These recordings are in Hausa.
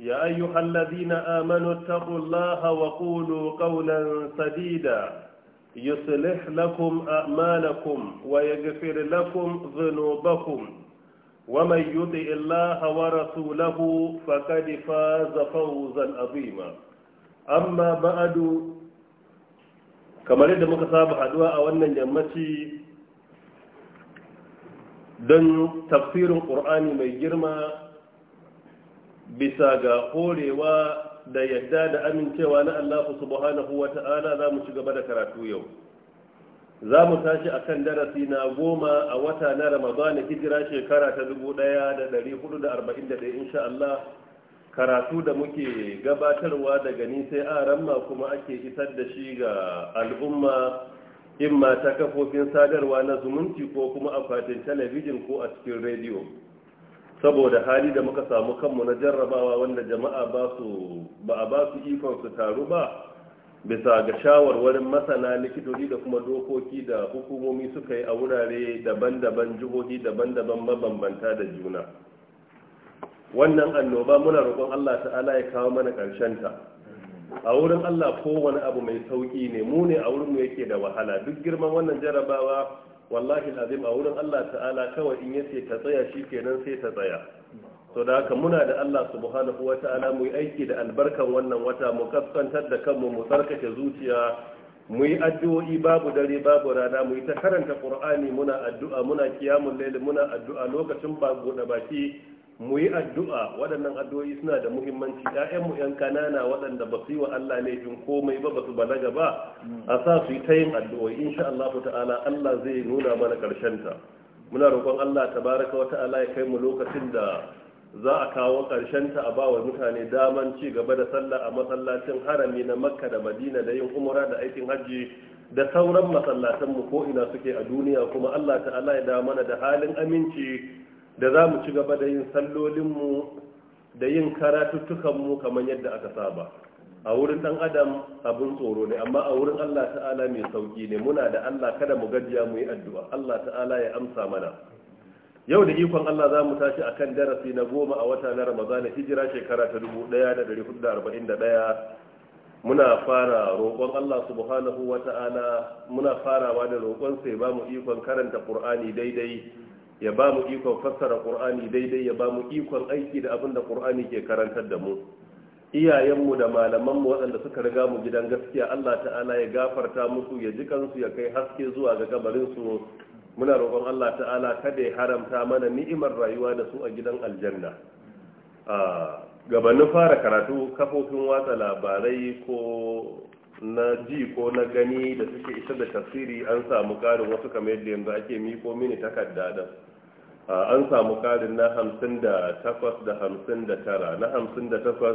يا أيها الذين آمنوا اتقوا الله وقولوا قولا سديدا يصلح لكم أعمالكم ويغفر لكم ذنوبكم ومن يطع الله ورسوله فقد فاز فوزا عظيما أما بعد kamar yadda muka saba haduwa a wannan yammaci don tafsirin ƙur'ani mai girma bisa ga horewa da yadda da amincewa na Allah subhanahu ta'ala za mu ci gaba da karatu yau za mu tashi a kan darasi na goma a wata na ramadana hijira shekara ta 1441 insha Allah karatu da muke gabatarwa daga ni sai aramma kuma ake isar da shi ga al'umma imma ta kafofin sadarwa na zumunci ko kuma a fatin talabijin ko a cikin rediyo saboda hali da muka samu kanmu na jarrabawa wanda jama'a ba su ba a ba su ikon su taru ba bisa ga shawarwarin masana likitoci da kuma dokoki da hukumomi suka yi a wurare daban-daban jihohi daban-daban mabambanta da juna wannan annoba muna roƙon Allah ta'ala ya kawo mana ƙarshen ta a wurin Allah kowane abu mai sauƙi ne mu ne a wurinmu yake da wahala duk girman wannan jarrabawa. wallahi l'azim a wurin Allah ta'ala kawai in yace ta tsaya shi kenan sai ta tsaya to da haka muna da Allah subhanahu wa ta'ala mu yi aiki da albarkan wannan wata mu kaskantar da kanmu mu tsarkake zuciya mu yi addu'o'i babu dare babu rana mu yi ta karanta qur'ani muna addu'a muna qiyamul layl muna addu'a lokacin ba gode baki mu yi addu'a waɗannan addu'o'i suna da muhimmanci ‘ya'yanmu ‘yan kanana waɗanda ba su yi wa Allah ne laifin komai ba ba su balaga ba a sa su yi ta yin addu'o'i sha Allah ta'ala Allah zai nuna mana ƙarshen ta muna roƙon Allah ta baraka wa ta'ala ya kai mu lokacin da za a kawo ƙarshen ta a bawa mutane daman ci gaba da sallah a masallacin harami na Makka da Madina da yin umra da aikin hajji da sauran masallatan ko ina suke a duniya kuma Allah ta'ala ya da mana da halin aminci da za mu ci gaba da yin sallolinmu da yin karatuttukanmu kamar yadda aka saba a wurin dan adam abin tsoro ne amma a wurin allah ta'ala mai sauƙi ne muna da allah kada mu gajiya mu yi addu'a allah ta'ala ya amsa mana yau da ikon allah za mu tashi a kan darasi na goma a wata na ramadana hijira shekara ta 1441 muna fara roƙon Allah subhanahu wa ta'ala muna farawa da roƙon sai ba mu ikon karanta Qur'ani daidai ya ba mu ikon fassara qur'ani daidai ya ba mu ikon aiki da abin da qur'ani ke karantar da mu iyayenmu da malamanmu waɗanda suka riga mu gidan gaskiya Allah ta'ala ya gafarta musu ya ji kansu ya kai haske zuwa ga su muna roƙon Allah ta'ala kada ya haramta mana ni'imar rayuwa da su a gidan aljanna gabanin fara karatu kafofin watsa labarai ko na ji ko na gani da suke isar da tasiri an samu ƙarin wasu kamar yadda yanzu ake miko mini takarda da an samu karin na hamsin da takwas da hamsin da tara na hamsin da takwas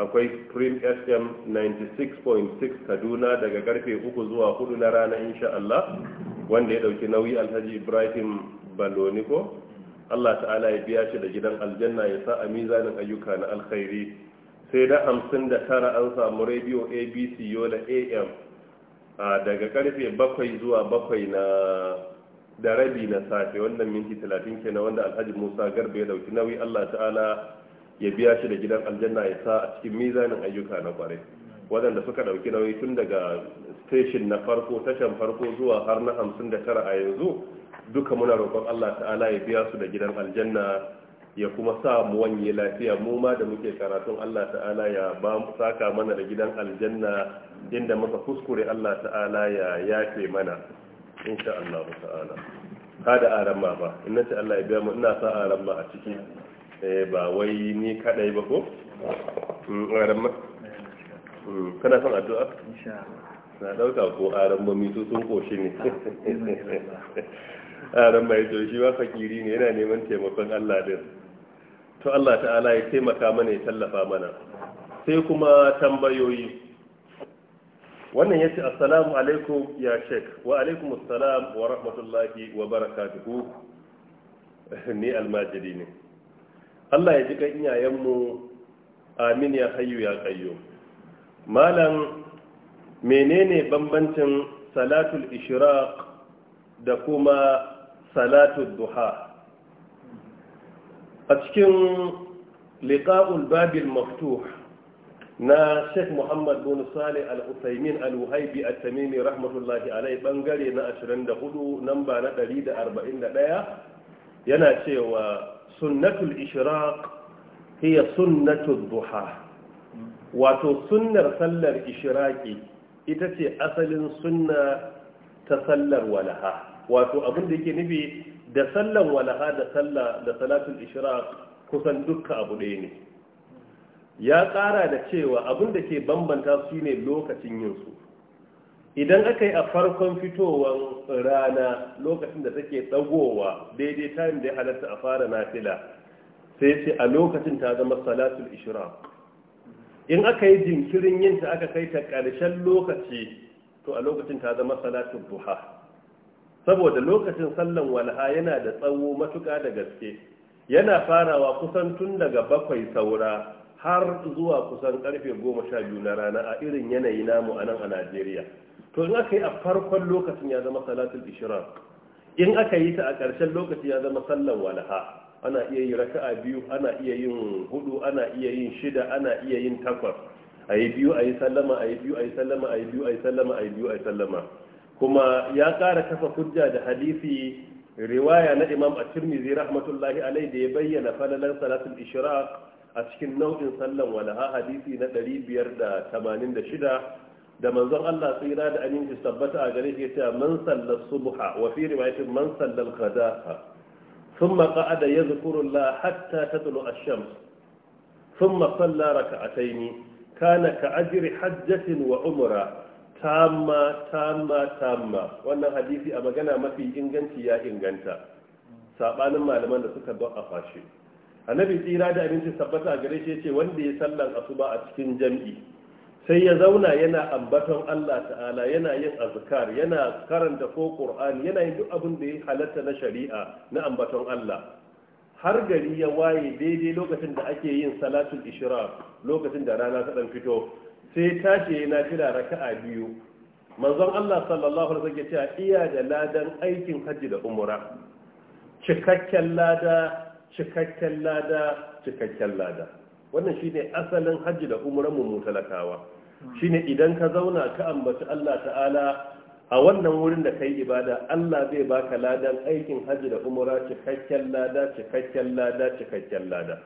akwai prim sm 96.6 kaduna daga karfe uku zuwa huɗu na rana insha Allah wanda ya dauki nauyi alhaji ibrahim baloniko Allah ta'ala ya biya shi da gidan aljanna ya sa a mizanin ayyuka na alkhairi sai da hamsin da tara an samu radio abc yola am daga karfe bakwai zuwa bakwai na da rabi na safe wannan minti talatin kenan wanda alhaji musa garba ya dauki nauyi allah ta'ala ya biya shi da gidan aljanna ya sa a cikin mizanin ayyuka na kwarai wadanda suka dauki nauyi tun daga station na farko tashan farko zuwa har na hamsin da tara a yanzu duka muna roƙon allah ta'ala ya biya su da gidan aljanna ya kuma sa mu wanye lafiya mu ma da muke karatun Allah ta'ala ya ba mu saka mana da gidan aljanna inda muka kuskure Allah ta'ala ya yafe mana insha Allah ta'ala da aramma ba in nace Allah ya biya mu ina sa aramma a ciki eh ba wai ni kadai ba ko mm, aramma mm, kana son addu'a insha Allah na dauka ko aramma mi su sun koshi ne ah, aramma ya shi ba fakiri ne yana neman taimakon Allah din to Allah ta'ala ya taimaka mana ya tallafa mana sai kuma tambayoyi wannan yace assalamu alaikum ya sheik wa alaikum assalam wa rahmatullahi wa barakatuhu ni almajiri ne Allah ya ji kan iyayenmu amin ya hayyu ya qayyo malam menene bambancin salatul ishraq da kuma salatul duha a cikin liqa'ul babil maftuh na sheikh muhammad bin sale al-usaimin al-uhaibi at-tamimi rahmatullahi alai bangare na 24 namba na 141 yana cewa sunnatul ishraq hiya sunnatul duha wato sunnar sallar ishraqi ita ce asalin sunna ta sallar walaha wato abin da yake nufi da sallar walaha da sallah da salatul ishraq kusan duka abu ɗaya ne ya ƙara da cewa abin da ke bambanta su ne lokacin yinsu. idan aka yi a farkon fitowar rana lokacin da take tsagowa daidai time da ya halatta a fara nafila sai ce a lokacin ta zama salatul ishraq in aka yi jinkirin yin ta aka kai ta ƙarshen lokaci to a lokacin ta zama salatul duha saboda lokacin sallan walha yana da tsawo matuka da gaske yana farawa kusan tun daga bakwai saura har zuwa kusan karfe goma sha biyu na rana a irin yanayi namu a nan a najeriya to in aka yi a farkon lokacin ya zama salatul ishira in aka yi ta a ƙarshen lokaci ya zama sallan walaha ana iya yi raka'a biyu ana iya yin hudu ana iya yin shida ana iya yin takwas a yi biyu a yi sallama a yi biyu a yi sallama a yi biyu a yi sallama a yi biyu a yi sallama kuma ya ƙara kafa hujja da hadisi riwaya na imam at-tirmidhi rahmatullahi alaihi da ya bayyana falalan salatul ishraq a cikin nau'in sallan walaha hadisi na 586 da manzon Allah tsira da aminci tabbata a gare shi cewa man sallar subha wa fi riwayatin man sallal qadaha thumma qa'ada yadhkuru Allah hatta tatlu ash-shams thumma salla rak'atayn kana ka ajri hajjatin wa umra tamma tamma tamma wannan hadisi a magana mafi inganci ya inganta sabanin malaman da suka ba a fashi annabi tsira da abinci tabbata a gare shi ce wanda ya sallan asuba a cikin jam'i sai ya zauna yana ambaton Allah ta'ala yana yin azkar yana karanta ko qur'ani yana yin duk abin da ya halatta na shari'a na ambaton Allah har gari ya waye daidai lokacin da ake yin salatul ishraq lokacin da rana ta dan fito sai tashi yana jira raka'a biyu manzon Allah sallallahu alaihi wasallam ya ce iya da ladan aikin hajji da umra cikakken lada cikakken lada cikakken lada wannan shine asalin hajji da umran mu talakawa shine idan ka zauna ka ambaci Allah ta'ala a wannan wurin da kai ibada Allah zai baka ladan aikin hajji da umra cikakken lada cikakken lada cikakken lada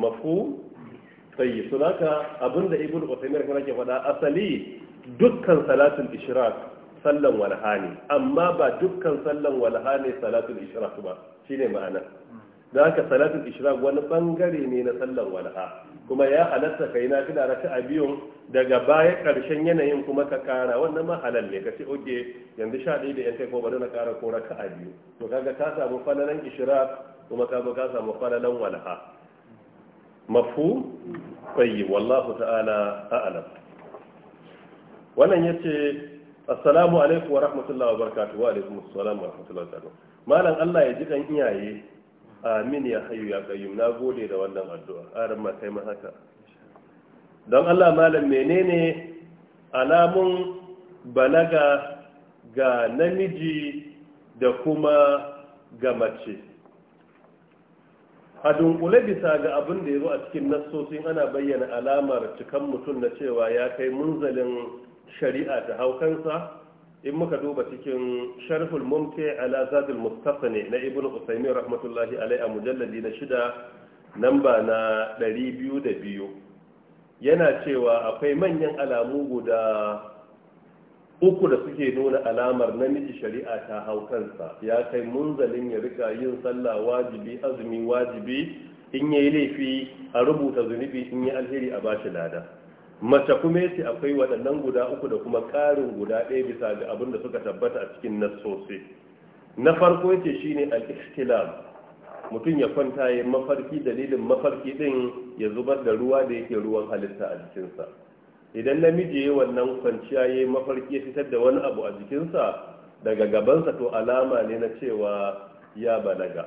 mafu sai su naka abinda ibn Uthaymeen kuma yake faɗa asali dukkan salatul ishraq sallan walha ne amma ba dukkan sallan walha ne salatul ishraq ba shine ma'ana da haka salatul ishraq wani bangare ne na sallar walha kuma ya halatta kai na tuna raka'a biyun daga baya karshen yanayin kuma ka kara wannan ma halal ne kace oke yanzu sha ɗaya da yan kai ko bari na kara ko raka'a biyu to kaga ka samu falalan ishraq kuma ka ka samu falalan walha mafu tayyib wallahu ta'ala a'lam wannan yace assalamu alaikum wa rahmatullahi wa barakatuh wa alaikum assalam wa rahmatullahi wa barakatuh malam Allah ya ji kan iyaye amin ya hayu ya qayyum na gode da wannan addu'a arin ma kai haka don Allah malam menene alamun balaga ga namiji da kuma ga mace a dunkule bisa ga abin da ya zo a cikin nassosin ana bayyana alamar cikan mutum na cewa ya kai munzalin shari'a ta haukansa in muka duba cikin sharhul mumti ala zadul mustaqni na ibnu usaymin rahmatullahi alai a mujalladi na shida namba na 202 yana cewa akwai manyan alamu guda uku da suke nuna alamar namiji shari'a ta hau kansa ya kai munzalin ya rika yin sallah wajibi azumi wajibi in yayi laifi a rubuta zunubi in yi alheri a bashi lada mace kuma yace akwai waɗannan guda uku da kuma ƙarin guda ɗaya bisa ga abin da suka tabbata a cikin nassosi na farko yace shine al-ihtilam mutum ya kwanta ya mafarki dalilin mafarki din ya zubar da ruwa da yake ruwan halitta a jikinsa idan namiji ya wannan kwanciya ya mafarki ya fitar da wani abu a jikinsa daga gabansa to alama ne na cewa ya balaga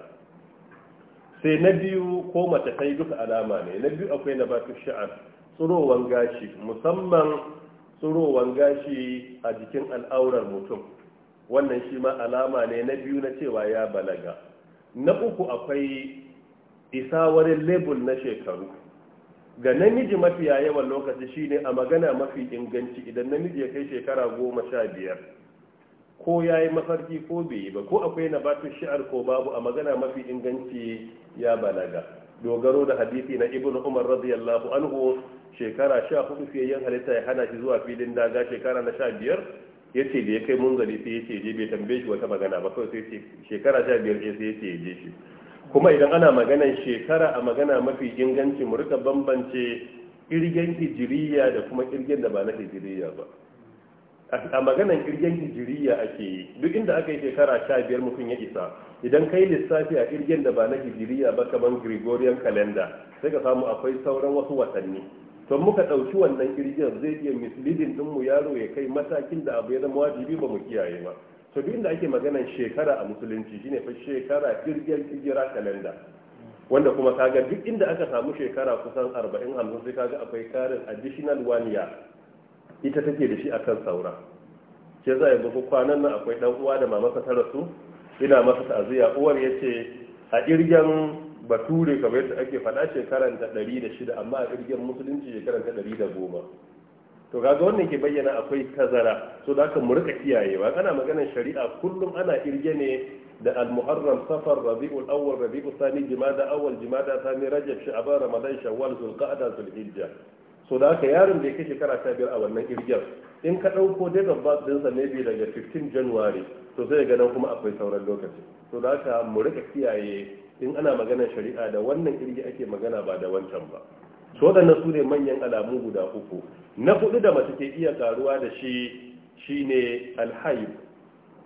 sai na biyu ko mace ta duka alama ne na biyu akwai na batu sha'ar tsirowan gashi musamman tsirowan gashi a jikin al'aurar mutum wannan shi ma alama ne na biyu na cewa ya balaga na uku akwai isawarin lebul na shekaru ga namiji mafi yawan lokaci shine a magana mafi inganci idan namiji ya kai shekara goma sha biyar ko ya yi mafarki ko bai yi ba ko akwai na batu shi'ar ko babu a magana mafi inganci ya balaga dogaro da hadisi na ibn umar radiyallahu anhu shekara sha hudu fiye yin halitta ya hana shi zuwa filin daga shekara na sha biyar ya ce da ya kai gani sai ya ce je bai tambaye shi wata magana ba kawai sai shekara sha biyar sai ya ce ya je shi kuma idan ana maganan shekara a magana mafi inganci mu rika bambance kirgen hijiriya da kuma kirgen da ba na hijiriya ba a maganan kirgen hijiriya ake yi duk inda aka yi shekara sha biyar mutum ya isa idan kai lissafi a kirgen da ba na hijiriya ba kamar gregorian calendar sai ka samu akwai sauran wasu watanni to muka ɗauki wannan kirgiyar zai iya misleading mu yaro ya kai matakin da abu ya zama wajibi ba mu kiyaye ba to duk inda ake maganan shekara a musulunci shine fa shekara kirgiyar kirgira kalenda wanda kuma kaga duk inda aka samu shekara kusan 40 50 sai kaga akwai karin additional one year ita take da shi akan saura ke za a yi kwanan nan akwai dan uwa da mamasa ta rasu ina masa ta'aziyya uwar yace a kirgiyar bature kamar yadda ake faɗa shekaran ta ɗari da shida amma a ƙirgin musulunci shekaran ta ɗari da goma to kaga wannan ke bayyana akwai tazara so da aka murka ba kana maganar shari'a kullum ana ƙirge ne da al-muharram safar rabi'ul awwal rabi'ul thani jimada awwal jimada thani rajab sha'ban ramadan shawwal zulqa'da zulhijja so da aka yarin da yake shekara ta biyar a wannan kirgiyar in ka ɗauko dai din dinsa ne bi daga 15 january to zai ga nan kuma akwai sauran lokaci so da aka mu kiyaye in ana maganar shari'a da wannan irgi ake magana ba da wancan ba so waɗannan su ne manyan alamu guda uku na hudu da mace ke iya karuwa da shi shine alhaib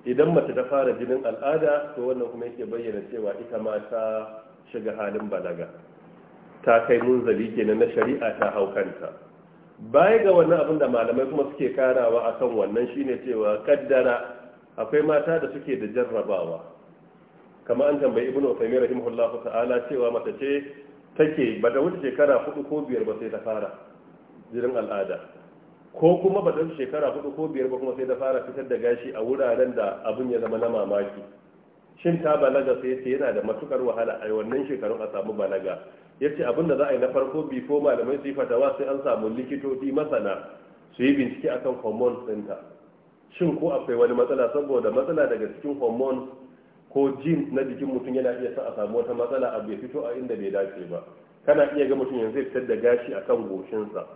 idan mace ta fara jinin al'ada to wannan kuma yake bayyana cewa ita ma ta shiga halin balaga ta kai munzali kenan na shari'a ta hau kanta baya ga wannan abin da malamai kuma suke karawa akan wannan shine cewa kaddara akwai mata da suke da jarrabawa kama an tambayi ibnu Uthaymeen rahimahullahu ta'ala cewa mata ce take ba da wuce shekara hudu ko biyar ba sai ta fara jirin al'ada ko kuma ba da wuce shekara hudu ko biyar ba kuma sai ta fara fitar da gashi a wuraren da abun ya zama na mamaki shin ta balaga sai ce yana da matukar wahala a wannan shekarun a samu balaga ya ce abinda za a yi na farko ko malamai su yi fatawa sai an samu likitoci masana su yi bincike akan hormones ɗinta shin ko akwai wani matsala saboda matsala daga cikin hormones ko jin na jikin mutum yana iya sa a samu wata matsala a bai fito a inda bai dace ba kana iya ga mutum yanzu fitar da gashi akan goshinsa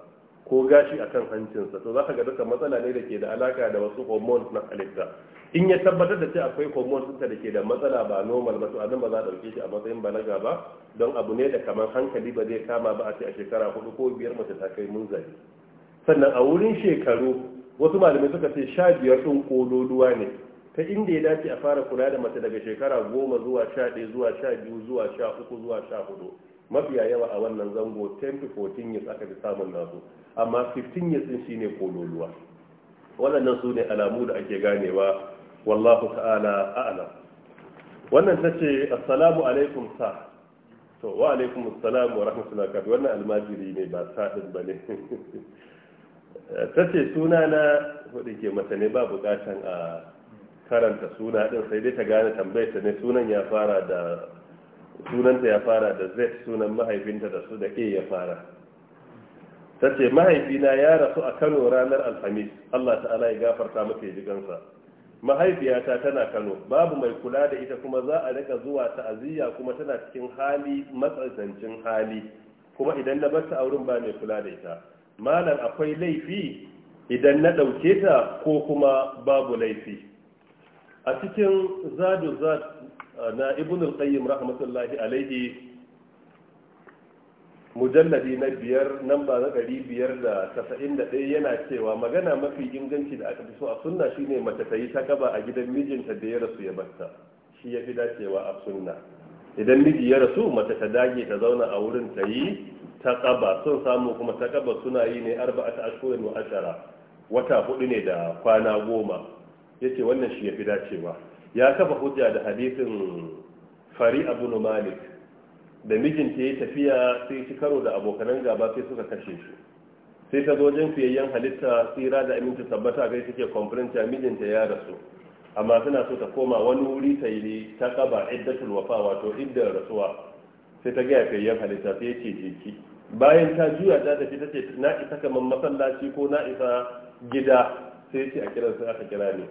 ko gashi a kan hancinsa to za ka ga duka matsala ne da ke da alaka da wasu hormones na halitta in ya tabbatar da cewa akwai hormones ɗinsa da ke da matsala ba normal ba to a ba za a ɗauke shi a matsayin balaga ba don abu ne da kamar hankali ba zai kama ba a ce a shekara hudu ko biyar mace ta kai munzali sannan a wurin shekaru wasu malamai suka ce sha biyar ɗin kololuwa ne ta inda ya dace a fara kula da mace daga shekara goma zuwa sha ɗaya zuwa sha biyu zuwa sha uku zuwa sha hudu mafiya yawa a wannan zango 10 to 14 years aka fi samun nasu amma 15 years shi ne kololuwa waɗannan su ne alamu da ake ganewa wallahu ta'ala a'lam wannan ta ce assalamu alaikum sa to wa alaikum assalam wa rahmatullahi wa wannan almajiri ne ba sa din bane ta ce suna na hudu ke mata ne ba bukatan a karanta suna din sai dai ta gane tambayarta ne sunan ya fara da sunanta ya fara da z sunan mahaifinta da su da a ya fara ta ce mahaifina ya rasu a kano ranar alhamis allah ta'ala ya gafarta masa jigansa mahaifiyata tana kano babu mai kula da ita kuma za a rika zuwa ta'aziyya kuma tana cikin hali matsanancin hali kuma idan na bar ta a ba mai kula da ita malam akwai laifi idan na ɗauke ta ko kuma babu laifi a cikin zadu zad na ibn al-qayyim rahmatullahi alaihi mujalladi na biyar namba na ɗari biyar da tasa'in da yana cewa magana mafi inganci da aka fi so a sunna shine mace ta yi ta gaba a gidan mijinta da ya rasu ya batta shi ya fi dacewa a sunna idan miji ya rasu mace ta dage ta zauna a wurin ta yi ta kaba sun samu kuma ta kaba suna yi ne arba'ata ashkurin wa ashara wata hudu ne da kwana goma yace wannan shi ya fi dacewa ya kafa hujja da hadisin fari abu malik da mijinta ya tafiya sai ci karo da abokanan gaba sai suka kashe shi sai ta zojin fiyayyen halitta tsira da aminta tabbata kai suke kwamfurinta mijinta ya rasu amma suna so ta koma wani wuri ta yi ta kaba iddatul wafa wato iddar rasuwa sai ta gaya fiyayyen halitta sai ya ce jiki bayan ta juya ta tafi ta ce na isa kamar masallaci ko na isa gida sai ce a kiransu aka kira ne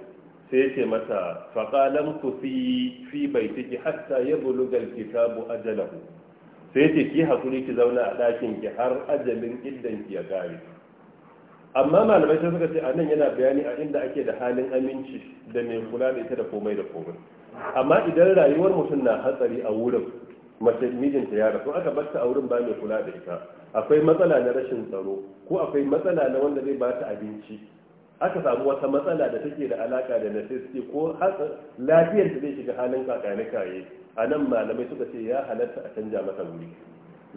sai ce mata faƙalan ku fi fi bai ciki hatta ya bulugar kitabu ajalahu sai ce ki hakuri ki zauna a ɗakin ki har ajalin iddan ki ya gare amma malamai sai suka ce a nan yana bayani a inda ake da halin aminci da mai kula da ita da komai da komai amma idan rayuwar mutum na hatsari a wurin mace mijinta ya rasu aka bar ta a wurin ba mai kula da ita akwai matsala na rashin tsaro ko akwai matsala na wanda zai ba ta abinci aka samu wata matsala da take da alaka da necessity ko lafiyar da zai shiga halin kakanikaye a nan malamai suka ce ya halatta a canja masa wuri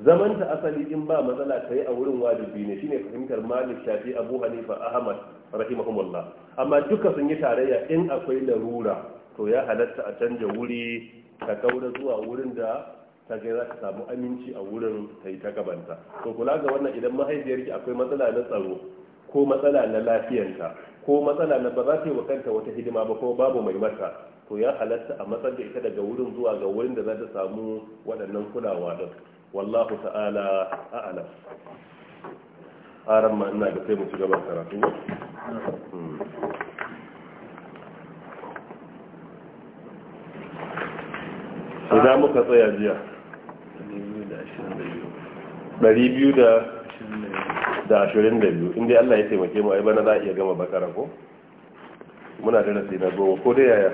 zaman ta asali in ba matsala ta yi a wurin wajibi ne shine fahimtar malik shafi abu hanifa ahmad rahimahumullah amma duka sun yi tarayya in akwai larura to ya halatta a canja wuri ka kaura zuwa wurin da ta ga za ka samu aminci a wurin ta yi ta gabanta to kula ga wannan idan mahaifiyarki akwai matsala na tsaro ko matsala na lafiyanta ko matsala na ba za ta yi wa kanta wata hidima ba ko babu mai mata to ya halatta a matsar da ita daga wurin zuwa ga wurin da za ta samu waɗannan kulawa da wallahu ta'ala a'lam aran ma ina sai mu gaban karatu hmm. idan da ashirin da biyu inda Allah ya taimake mu ai bana za a iya gama bakara ko muna da rasi na goma ko da yaya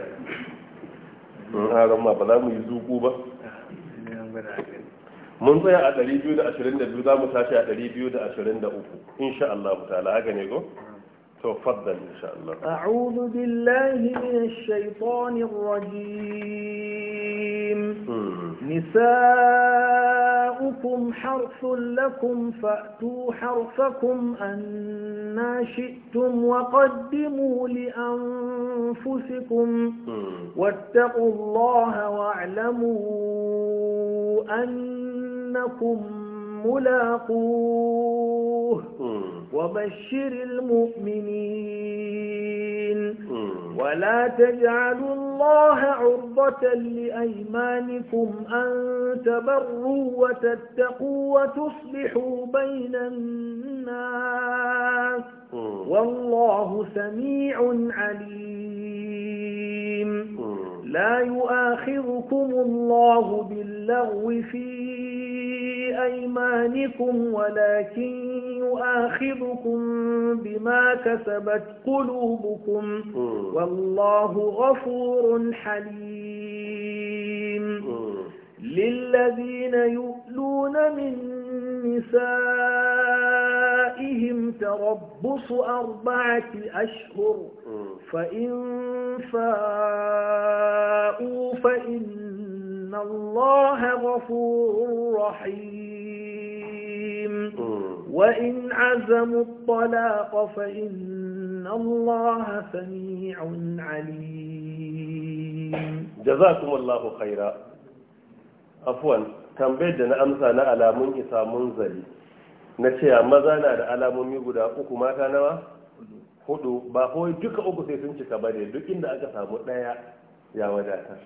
in haram ma ba za mu yi zuku ba mun tsaya a 222 za mu tashi a 223 insha Allah ta'ala haka ne ko تفضل إن شاء الله أعوذ بالله من الشيطان الرجيم نساؤكم حرث لكم فأتوا حرثكم أنا شئتم وقدموا لأنفسكم واتقوا الله واعلموا أنكم ملاقوه وبشر المؤمنين ولا تجعلوا الله عرضة لأيمانكم أن تبروا وتتقوا وتصلحوا بين الناس والله سميع عليم لا يؤاخذكم الله باللغو في أيمانكم ولكن يؤاخذكم بما كسبت قلوبكم والله غفور حليم للذين يؤلون من نسائهم تربص أربعة أشهر فإن فاءوا فإن الله غفور رحيم وإن عزموا الطلاق فإن الله سميع عليم جزاكم الله خيرا afwan tambayar da na amsa na alamun isa munzali na cewa maza na da alamomi guda uku mata nawa hudu ba kawai duka uku sai sun cika ba ne duk inda aka samu daya ya wadata.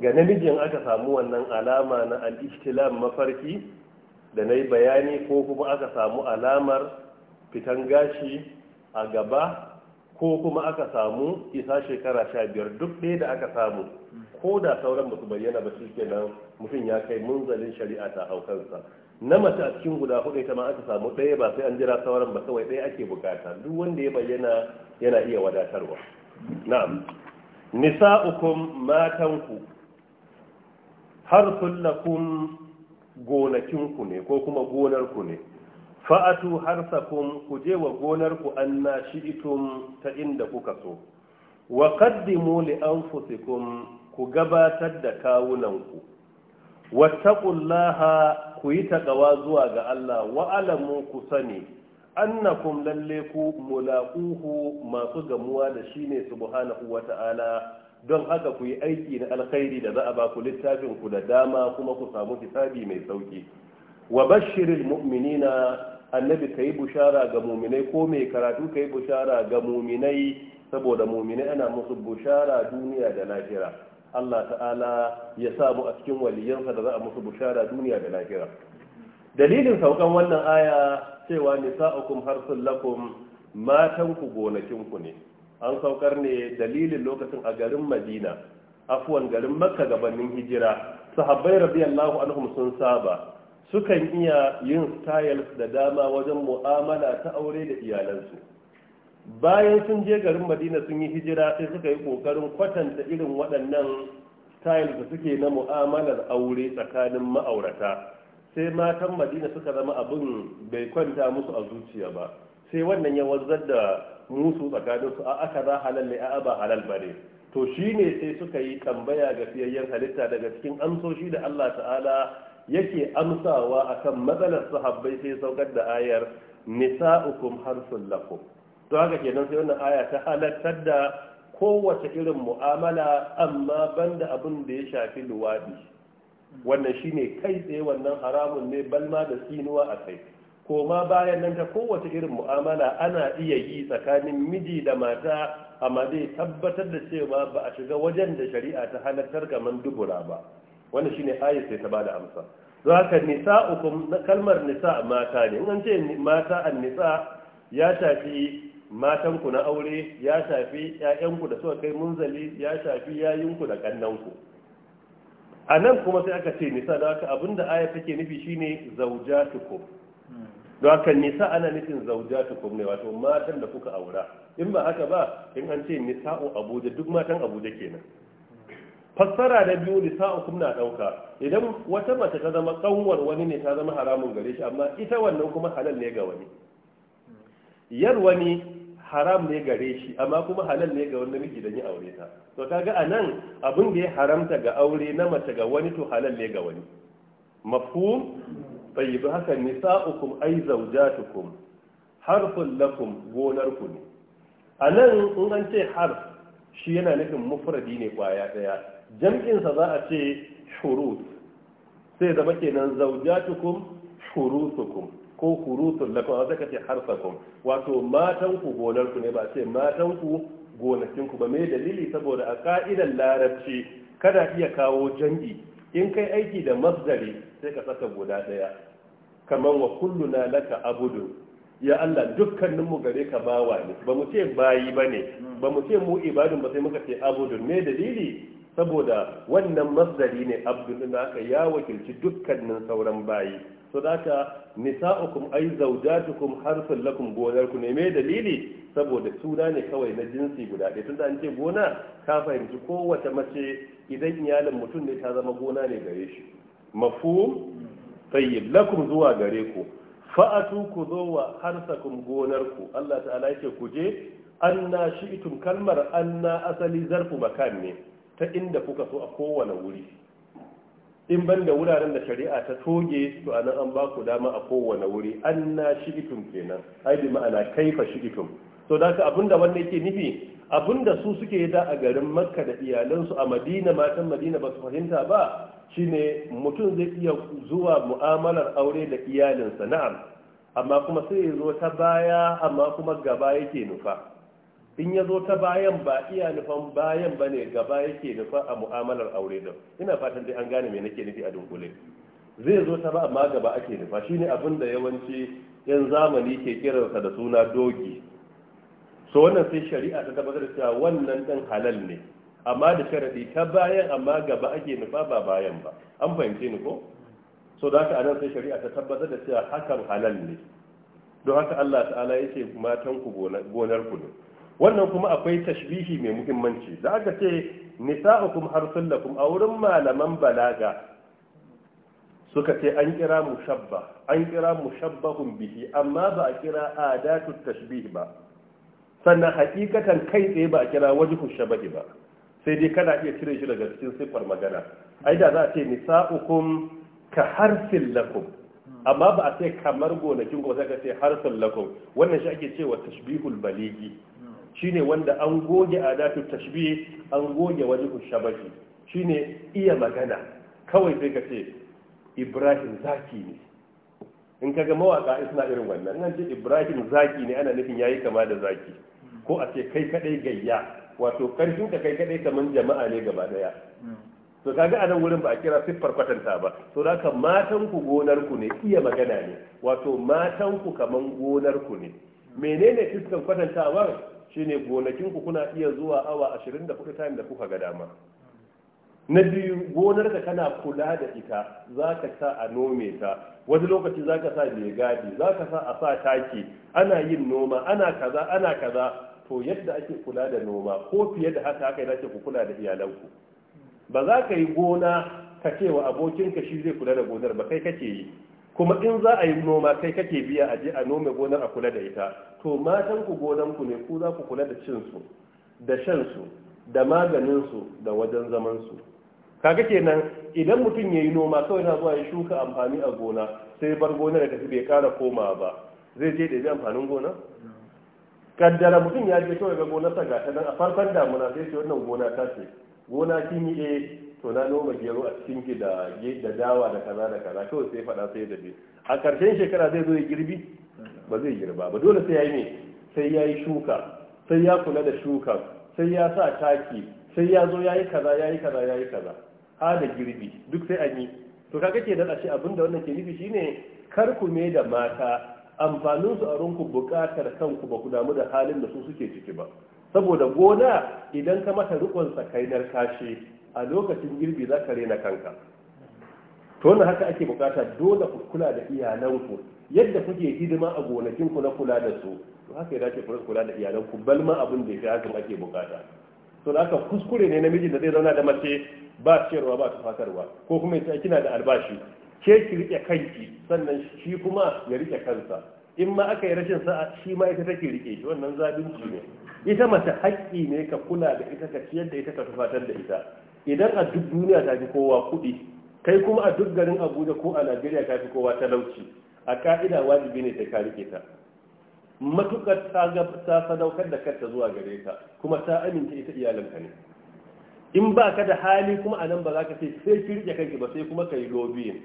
ga namijin aka samu wannan alama na al-ihtilam mafarki da na yi bayani ko kuma aka samu alamar fitan gashi a gaba ko kuma aka samu isa shekara sha biyar duk ɗaya da aka samu ko da sauran ba su bayyana ba shi nan mutum ya kai munzalin shari'a ta hau kansa na mace a cikin guda hudu ita ma aka samu ɗaya ba sai an jira sauran ba kawai ɗaya ake bukata duk wanda ya bayyana yana iya wadatarwa na'am nisa'ukum matanku harfun lakum gonakinku ne ko kuma gonarku ne fa'atu har harsakum ku je wa gonarku an na ta inda kuka so wa qaddimu li anfusikum ku gabatar da kawunanku wattaqullaha ku yi taƙawa zuwa ga Allah wa'alamu ku sani annakum lalle ku mulaƙuhu masu gamuwa da shi ne su subhanahu Ta'ala, don haka ku yi aiki na alkhairi da za a ba ku littafinku da dama kuma ku samu hisabi mai sauki wa bashirin mu'minina annabi ka yi bushara ga muminai ko mai karatu ka yi bushara ga muminai saboda muminai ana musu bushara duniya da lahira Allah ta'ala ya samu a cikin waliyansa da za a musu bushara duniya da lahira dalilin saukan wannan aya cewa nisa'ukum harsun lakum matanku gonakinku ne an saukar ne dalilin lokacin a garin madina afuwan garin makka gabanin hijira sahabbai radiyallahu anhum sun saba sukan iya yin styles da dama wajen mu'amala ta aure da iyalansu bayan sun je garin madina sun yi hijira sai suka yi kokarin kwatanta irin waɗannan styles da suke na mu'amalar aure tsakanin ma'aurata sai matan madina suka zama abin bai kwanta musu a zuciya ba sai wannan ya wazzar da musu tsakaninsu a aka za halal ne a ba halal ba ne to shine sai suka yi tambaya ga fiyayyen halitta daga cikin amsoshi da allah ta'ala yake amsawa akan matsalar sahabbai sai saukar da ayar nisa'ukum harsun lakum to haka kenan sai wannan aya ta halattar da kowace irin mu'amala amma banda abin da ya shafi luwadi wannan shine kai tsaye wannan haramun ne balma da sinuwa a kai koma bayan nan ta kowace irin mu'amala ana iya yi tsakanin miji da mata amma zai tabbatar da cewa ba a shiga wajen da shari'a ta halartar kamar dubura ba wannan shine ayat sai ta bada amsa don haka na kalmar nisa mata ne in an ce mata an nisa ya shafi matanku na aure ya shafi ƴaƴanku da suka kai munzali ya shafi yayinku da kannanku a nan kuma sai aka ce nisa da aka abinda aya take nufi shine zaujatukum don aka nisa ana nufin zaujatukum ne wato matan da kuka aura in ba haka ba in an ce nisa'u abuja duk matan abuja kenan fassara da biyu nisa'ukum na dauka idan wata mace ta zama kanwar wani ne ta zama haramun gare shi amma ita wannan kuma halal ne ga wani yar wani haram ne gare shi amma kuma halal ne ga wani miji dan aure ta to kaga anan abin da ya haramta ga aure na mace ga wani to halal ne ga wani mafhum tayyib haka nisa'ukum ay zawjatukum harfun lakum gonarku ne anan in an ce harf shi yana nufin mufradi ne kwaya daya jam'insa za a ce shurut sai zama kenan zaujatukum shurutukum ko hurutun lakum a zaka ce harsakum wato matanku gonarku ne ba ce matanku gonakinku ba mai dalili saboda a ka'idar larabci kada iya kawo jam'i in kai aiki da masdari sai ka saka guda daya kamar wa kulluna laka abudu ya Allah dukkanin mu gare ka bawa ne ba mu ce bayi bane ba mu ce mu ibadun ba sai muka ce abudun me dalili saboda wannan masdari ne abdu da aka ya wakilci dukkanin sauran bayi so daka nisa'ukum ay zawjatukum harfun lakum gonarku ku ne me dalili saboda suna ne kawai na jinsi guda ɗaya tunda an ce gona ka fahimci kowace mace idan iyalin mutum ne ta zama gona ne gare shi mafhum tayyib lakum zuwa gare ku fa'atu ku zo wa harsakum gonarku. Allah ta'ala yake ku je anna shi'tum kalmar anna asali zarfu makan ne ta inda kuka so a kowane wuri in ban da wuraren da shari'a ta toge to nan an ba ku dama a kowane wuri an na shigitum kenan ai bi ma'ana kaifa shigitum so da ka abinda wanda yake nufi abinda su suke yi da a garin makka da iyalansu a madina matan madina ba su fahimta ba shine mutum zai iya zuwa mu'amalar aure da iyalinsa na'am amma kuma sai ya zo ta baya amma kuma gaba yake nufa in ya zo ta bayan ba iya nufan bayan ba ne gaba yake nufa a mu'amalar aure da ina fatan dai an gane me nake nufi a dunkule zai zo ta ba amma gaba ake nufa shine abin da yawanci yan zamani ke kiransa da suna dogi so wannan sai shari'a ta tabbatar cewa wannan ɗan halal ne amma da sharadi ta bayan amma gaba ake nufa ba bayan ba an fahimce ni ko so da haka anan sai shari'a ta tabbatar da cewa hakan halal ne don haka Allah ta'ala yake matan ku gonar ku ne wannan kuma akwai tashbihi mai muhimmanci za ka ce nisa'ukum harsullakum a wurin malaman balaga suka ce an kira mushabba an kira mushabbahun bihi amma ba a kira adatu tashbihi ba sannan hakikatan kai tsaye ba a kira wajhu shabahi ba sai dai kana iya cire shi daga cikin siffar magana ai da za a ce nisa'ukum ka harsin lakum amma ba a ce kamar gonakin ko sai ka ce harsin lakum wannan shi ake cewa tashbihul baligi shine wanda an goge adatu tashbih an goge wani shabahi shine iya magana kawai sai ka ce Ibrahim zaki ne in kaga mawaka isna irin wannan nan ce Ibrahim zaki ne ana nufin yayi kama da zaki ko a ce kai kadai gayya wato karfin ka kai kadai kaman jama'a ne gaba daya to kaga a nan wurin ba a kira siffar kwatanta ba to da ka matan ku gonar ku ne iya magana ne wato matan ku kaman gonar ku ne menene fiskan kwatantawar shine gonakinku kuna iya zuwa awa 24 time da kuka ga dama na biyu gonar da kana kula da ita za ka sa a nome ta wani lokaci za ka sa mai gadi za ka sa a sa taki ana yin noma ana kaza ana kaza to yadda ake kula da noma ko fiye da haka haka zaka ku kula da iyalanku ba za ka yi gona ka ce wa abokinka shi zai kula da gonar ba kai kake yi kuma in za a yi noma kai kake biya a je a nome gonar a kula da ita to matan ku gonan ku ne ku za ku kula da cin su da shan su da maganin su da wajen zaman su kaga kenan idan mutum yayi noma kawai na zuwa ya shuka amfani a gona sai bar gonar da tafi bai kara koma ba zai je da amfanin gona kaddara mutum ya je kawai ga gonar sa gata nan a farkon damuna sai ce wannan gona ta ce gona kin yi eh to na noma gero a cikin ki da dawa da kaza da kaza kawai sai faɗa sai da biyu. a ƙarshen shekara zai zo ya girbi ba zai girba ba dole sai ya yi ne sai ya yi shuka sai ya kula da shukan sai ya sa taki sai ya zo ya yi kaza ya yi kaza ya yi kaza ha da girbi duk sai an yi to kaga ke da shi abin da wannan ke nufi shine kar ku me da mata amfanin su a ranku buƙatar kanku ba ku damu da halin da su suke ciki ba saboda gona idan ka mata rikon sakainar kashi a lokacin girbi za ka rena kanka to haka ake bukata dole ku kula da iyalanku yadda kuke hidima a gonakinku na kula da su to haka yadda dace kula da iyalanku bal ma abin da ya fi ake bukata to da haka kuskure ne namiji da zai zauna da mace ba ciyarwa ba tufatarwa ko kuma ya kina da albashi ke ki rike kanki sannan shi kuma ya rike kansa in ma aka yi rashin sa'a shi ma ita take rike shi wannan zalunci ne ita mace haƙƙi ne ka kula da ita ka ciyar da ita ka tufatar da ita idan a duk duniya ta fi kowa kuɗi kai kuma a duk garin abuja ko a najeriya ta fi kowa talauci a ka'ida wajibi ne ta karike ta matukar ta sadaukar da kanta zuwa gare ka kuma ta amince ita iyalinka ne in ba ka da hali kuma a nan ba za ka ce sai ki kanki ba sai kuma ka yi lobiyin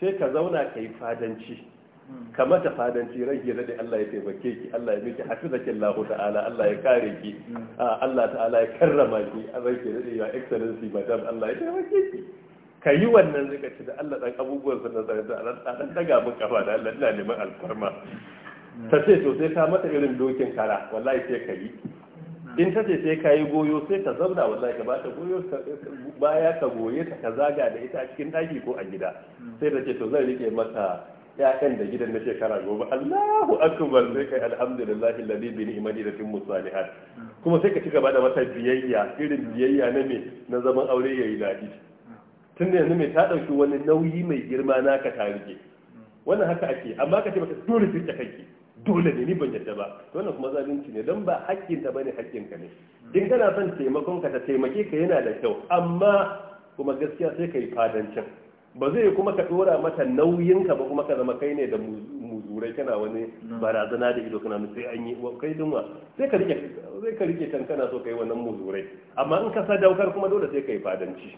sai ka zauna ka yi fadanci ka ta fadan ran ki da Allah ya taimake ki Allah ya miki hafizaki Allah ta'ala Allah ya kare ki mm. Allah ta'ala ya karrama ki ran ki da ya excellency madam Allah ya taimake ki ka yi wannan zikaci da Allah dan abubuwan sa na zai da dan daga mun kafa da Allah ina neman alfarma mm. ta ce to sai ka mata irin dokin kara wallahi sai ka yi mm. in ta ce sai ka yi goyo sai ta zauna wallahi ka bata goyo baya ka goye ta ka zaga da ita a cikin daki ko a gida sai ta ce to zan rike mata ya'yan da gidan na shekara gobe Allahu akbar sai kai alhamdulillahi alladhi bi ni'mati da timmu salihat kuma sai ka ci gaba da mata biyayya irin biyayya na me na zaman aure yayi dadi tun da yanzu me ta dauki wani nauyi mai girma naka ta wannan haka ake amma ka ce mata dole dole ne ni ban yadda ba wannan kuma zalunci ne dan ba hakkin ta bane hakkin ka ne in kana son taimakon ka ta taimake ka yana da kyau amma kuma gaskiya sai kai fadancin ba zai kuma ka dora mata nauyinka ba kuma ka zama kai ne da muzurai kana wani barazana da ido kana sai an yi kai dinwa sai ka rike sai ka rike can kana so kai wannan muzurai amma in ka sadaukar kuma dole sai kai fadanci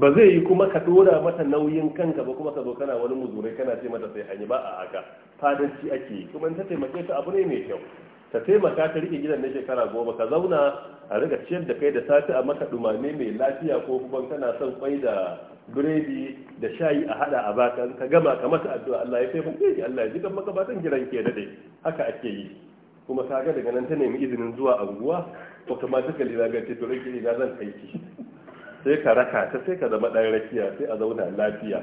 ba zai yi kuma ka dora mata nauyin kanka ba kuma ka zo kana wani muzurai kana ce mata sai yi ba a haka fadanci ake yi kuma ta taimake ta abu ne mai kyau ta taimaka ta rike gidan na shekara goma ka zauna a riga ciyar da kai da sati a maka dumame mai lafiya ko kuma kana son kwai da biredi da shayi a hada a baka ka gama ka masa addu'a Allah ya sai mun Allah ya ji kan maka batan gidan ke dade haka ake yi kuma kaga daga nan ta nemi izinin zuwa anguwa ko kuma ta lila daga ce to rake ina zan kai ki sai ka raka ta sai ka zama dan rakiya sai a zauna lafiya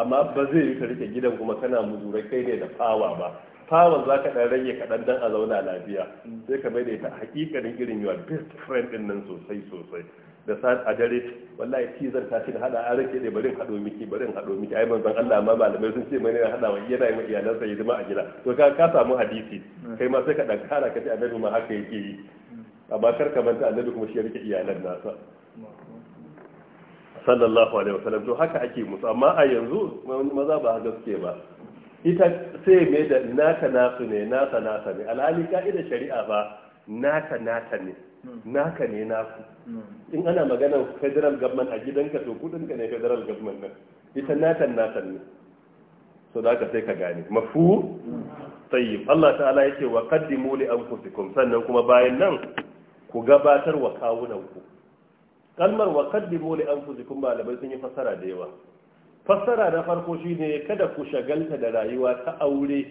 amma ba zai yi ka rike gidan kuma kana muzura kai ne da fawa ba fawan za ka dan rage kaɗan dan a zauna lafiya sai ka bai da ita hakikanin irin your best friend din nan sosai sosai da sa'ad a dare wallahi cizar ta ce da hada a rake da barin hado miki barin hado miki ai manzon Allah ma malamai sun ce mai ne hada wa yana yi iyalansa ya zama a gida to ka ka samu hadisi kai ma sai ka dan kara ka ce annabi ma haka yake yi amma kar ka manta annabi kuma shi ya rike iyalan nasa sallallahu alaihi wasallam to haka ake musu amma a yanzu maza ba haka suke ba ita sai mai da naka nasu ne nasa nasa ne alhali ka'idar shari'a ba naka nata ne Hmm. naka ne naku hmm. in ana maganar federal government a gidanka to ka ne federal government nan ita natan natan ne so da ka sai ka gane mafu hmm. tayyib Allah ta'ala yake wa qaddimu li anfusikum sannan kuma bayan nan ku gabatar wa kawunanku kalmar wa qaddimu li anfusikum malamai sun yi fassara da yawa fassara na farko shine kada ku shagalta da rayuwa ta aure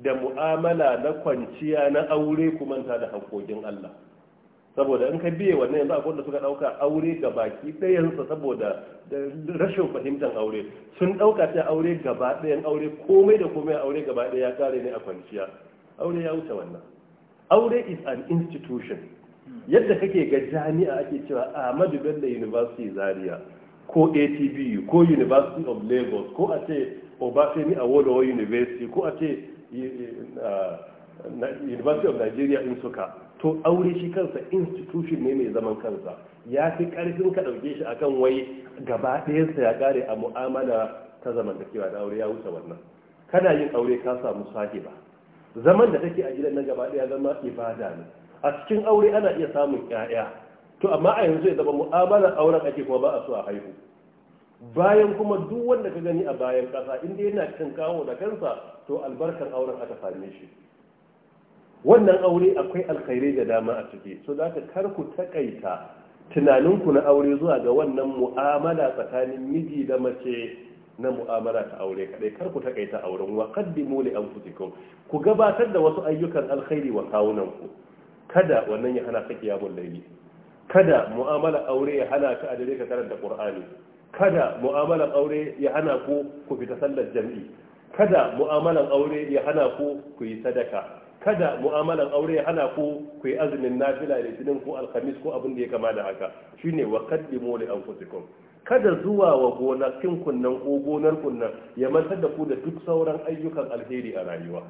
da mu'amala na kwanciya na aure ku manta da haƙoƙin Allah saboda in ka biye wannan yanzu akwai da suka dauka aure ga baki ɗayansa saboda rashin fahimtar aure sun dauka ta aure gaba ɗayan aure komai da komai aure gaba ɗaya ya kare ne a kwanciya aure ya wuce wannan aure is an institution yadda kake ga jami'a ake cewa Ahmadu Bello University Zaria ko ATBU ko University of Lagos ko a ce Obafemi Awolowo University ko a ce eh, eh, University of Nigeria in suka. to aure shi kansa institution ne mai zaman kansa ya fi karfin ka ɗauke shi akan wai gaba sa ya kare a mu'amala ta zamantakewa da aure ya wuce wannan kana yin aure ka samu sahiba zaman da take a gidan na gaba ɗaya zama ibada ne a cikin aure ana iya samun ƴaƴa to amma a yanzu ya zama mu'amalar auren ake kuma ba a so a haihu bayan kuma duk wanda ka gani a bayan ƙasa inda yana cin kawo da kansa to albarkar auren aka same shi wannan aure akwai alkhairai da dama a ciki so za ka kar ku takaita tunaninku na aure zuwa ga wannan mu'amala tsakanin miji da mace na mu'amala ta aure kadai kar ku takaita auren wa qaddimu li anfusikum ku gabatar da wasu ayyukan alkhairi wa kawunanku kada wannan ya hana ka kiyamun laili kada mu'amala aure ya hana ka adare ka karanta qur'ani kada mu'amalan aure ya hana ku ku fita sallar jami'i kada mu'amalan aure ya hana ku ku yi sadaka kada mu'amalan aure ya hana ku ku yi azumin nafila litinin ko alhamis ko abin da ya kama da haka shine wa qaddimu li anfusikum kada zuwa wa gonakin kunnan ko gonar kunnan ya mantar da ku da duk sauran ayyukan alheri a rayuwa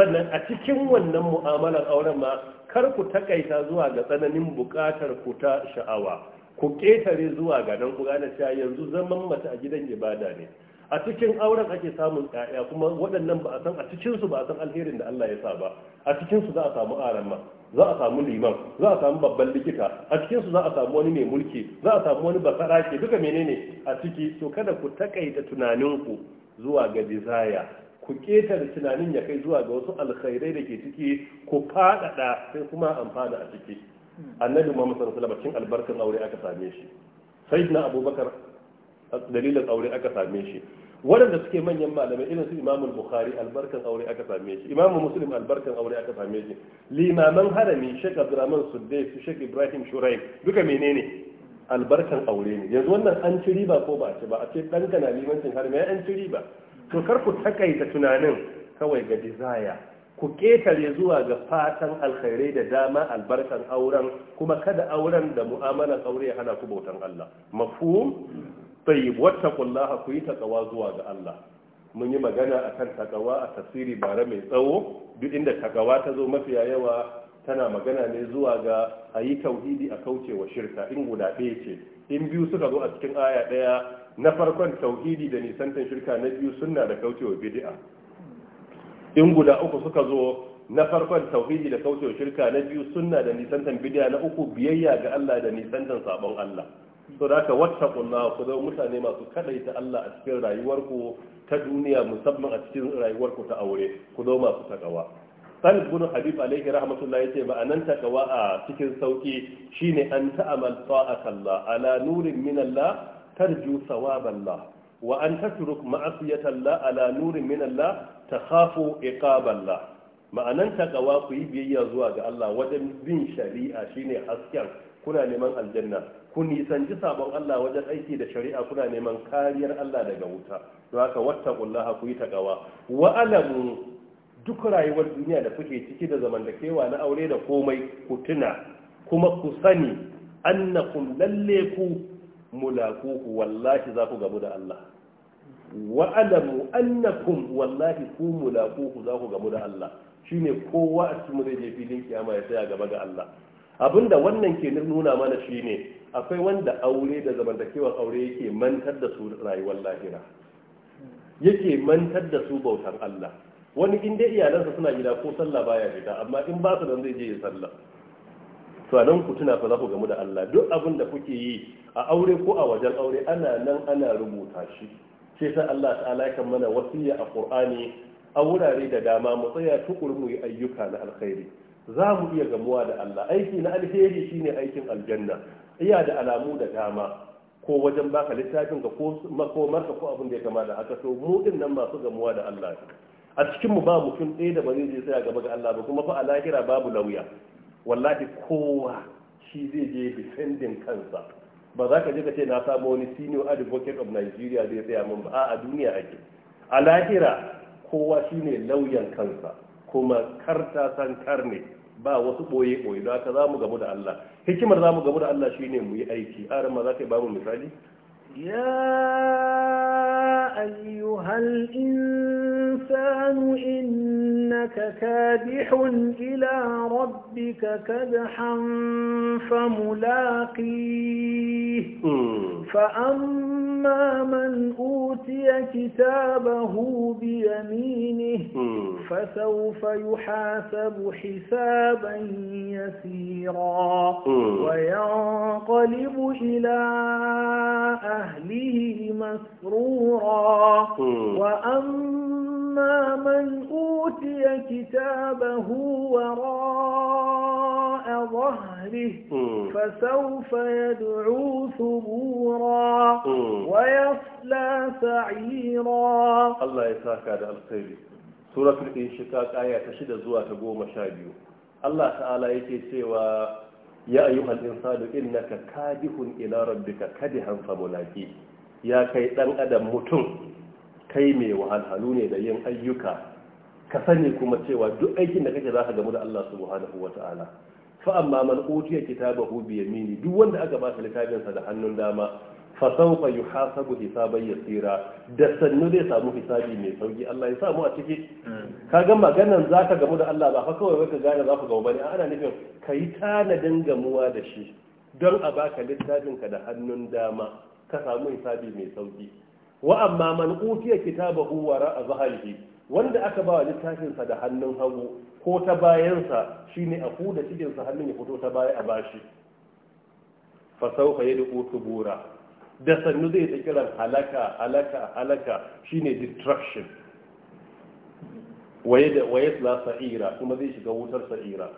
sannan a cikin wannan mu'amalan auren ma kar ku takaita zuwa ga tsananin buƙatar ku ta sha'awa ku ketare zuwa ga nan ku gane cewa yanzu zaman mace a gidan ibada ne a cikin auren ake samun ƴaƴa kuma waɗannan ba a san a cikin su ba a san alherin da Allah ya sa ba a cikin su za a samu arama za a samu liman za a samu babban likita a cikin su za a samu wani mai mulki za a samu wani ke duka menene a ciki to kada ku takaita tunaninku zuwa ga desire ku ketare tunanin ya kai zuwa ga wasu alkhairai da ke ciki ku faɗaɗa sai kuma amfana a ciki annabi muhammad sallallahu alaihi wasallam albarkan aure aka same shi sayyidina abubakar dalilin aure aka same shi waɗanda suke manyan malamai irin su imamu bukhari albarkan aure aka same shi imamu muslim albarkan aure aka same shi limaman harami shek abdurrahman suddai su shek ibrahim shuraim duka menene albarkan aure ne yanzu wannan an ci riba ko ba a ci ba a ce ɗanka na limancin harami ya an ci riba to kar ku takaita tunanin kawai ga desire ku ketare zuwa ga fatan alkhairai da dama albarkan auren kuma kada auren da mu'amalan aure ya hana ku bautan Allah mafhum tayyib wattaqullaha ku yi takawa zuwa ga Allah mun yi magana akan takawa a tafsiri bare mai tsawo duk inda takawa ta zo mafiya yawa tana magana ne zuwa ga a yi tauhidi a kaucewa shirka in guda ɗaya ce in biyu suka zo a cikin aya ɗaya na farkon tauhidi da nisantan shirka na biyu sunna da kaucewa bid'a in guda uku suka zo na farkon tauhidi da kaucewa shirka na biyu sunna da nisantan bid'a na uku biyayya ga Allah da nisantan sabon Allah so da aka wattaqulla ku zama mutane masu kadaita Allah a cikin rayuwarku ta duniya musamman a cikin rayuwarku ta aure ku zama masu takawa Salih bin Habib alaihi rahmatullahi yace ma'anan takawa a cikin sauki shine an ta'amal ta'akalla ala nurin minalla Allah tarju sawaballah wa an tatruk ma'asiyatalla ala nurin minalla ta takhafu iqaballah ma'anan takawa ku yi biyayya zuwa ga Allah wajen bin shari'a shine hasken kuna neman aljanna ku nisanci sabon Allah wajen aiki da shari'a kuna neman kariyar Allah daga wuta to haka wattaqullaha ku yi taqwa wa alamu duk rayuwar duniya da kuke ciki da kewa na aure da komai ku tuna kuma ku sani annakum lalle ku mulaquhu wallahi za ku gamu da Allah wa alamu annakum wallahi ku mulaquhu za ku gamu da Allah shine kowa a cikin zai je filin kiyama ya tsaya gaba ga Allah abinda wannan ke nuna mana shine akwai wanda aure da zamantakewar aure yake mantar da su rayuwar lahira yake mantar da su bautar Allah wani in dai iyalansa suna gida ko sallah baya fita amma in ba su nan zai je ya sallah to anan ku tuna fa za ku gamu da Allah duk abin da kuke yi a aure ko a wajen aure ana nan ana rubuta shi sai Allah ta'ala ya mana wasiya a Qur'ani a wurare da dama mu tsaya tukuru mu yi ayyuka na alkhairi za mu iya gamuwa da Allah aiki na alheri shine aikin aljanna iya da alamu da dama ko wajen baka littafin ka ko marka ko abin da ya kama da haka to mu din nan masu gamuwa da Allah a cikin mu ba mutum ɗaya da ba zai tsaya gaba ga Allah ba kuma fa a lahira babu lauya wallahi kowa shi zai je defending kansa ba za ka je ka ce na samu wani senior advocate of Nigeria zai tsaya mun ba a duniya ake a lahira kowa shine lauyan kansa kuma karta san karne ba wasu boye boye da ka zamu gamu da Allah hikimar zamu gamu da Allah shine mu yi aiki aran ma za ka ba mu misali ya ayyuhal insan الإنسان إنك كادح إلى ربك كدحا فملاقيه فأما من أوتي كتابه بيمينه فسوف يحاسب حسابا يسيرا وينقلب إلى أهله مسرورا وأما أما من أوتي كتابه وراء ظهره فسوف يدعو ثبورا ويصلى سعيرا الله يساك على الخير سورة الإنشقاق آية تشد زوا تقوم شابيو الله تعالى يكي سوى يا أيها الإنسان إنك كادح إلى ربك كدحا فملاقيه يا كي أدم متم kai mai wahalhalu ne da yin ayyuka ka sani kuma cewa duk aikin da kake za ka gamu da Allah subhanahu wa ta'ala fa amma man utiya kitabahu bi yamini duk wanda aka ba shi littafin sa da hannun dama fa sawfa yuhasabu hisaban yasira da sannu zai samu hisabi mai sauki Allah ya samu a ciki hmm. Ka ga maganan zaka gamu da Allah ba fa kawai ka gane za ku gamu bane ana nufin kai tanadin gamuwa da shi don a baka littafin ka da hannun dama ka samu hisabi mai sauki wa amma man utiya kitabahu wara a zahalihi wanda aka ba littafinsa da hannun hagu ko ta bayansa shine a huda cikinsa hannun ya fito ta baya a bashi fa sauka yad'u tubura da sannu zai ta kiran halaka halaka halaka shine destruction waye da waye sa'ira kuma zai shiga wutar sa'ira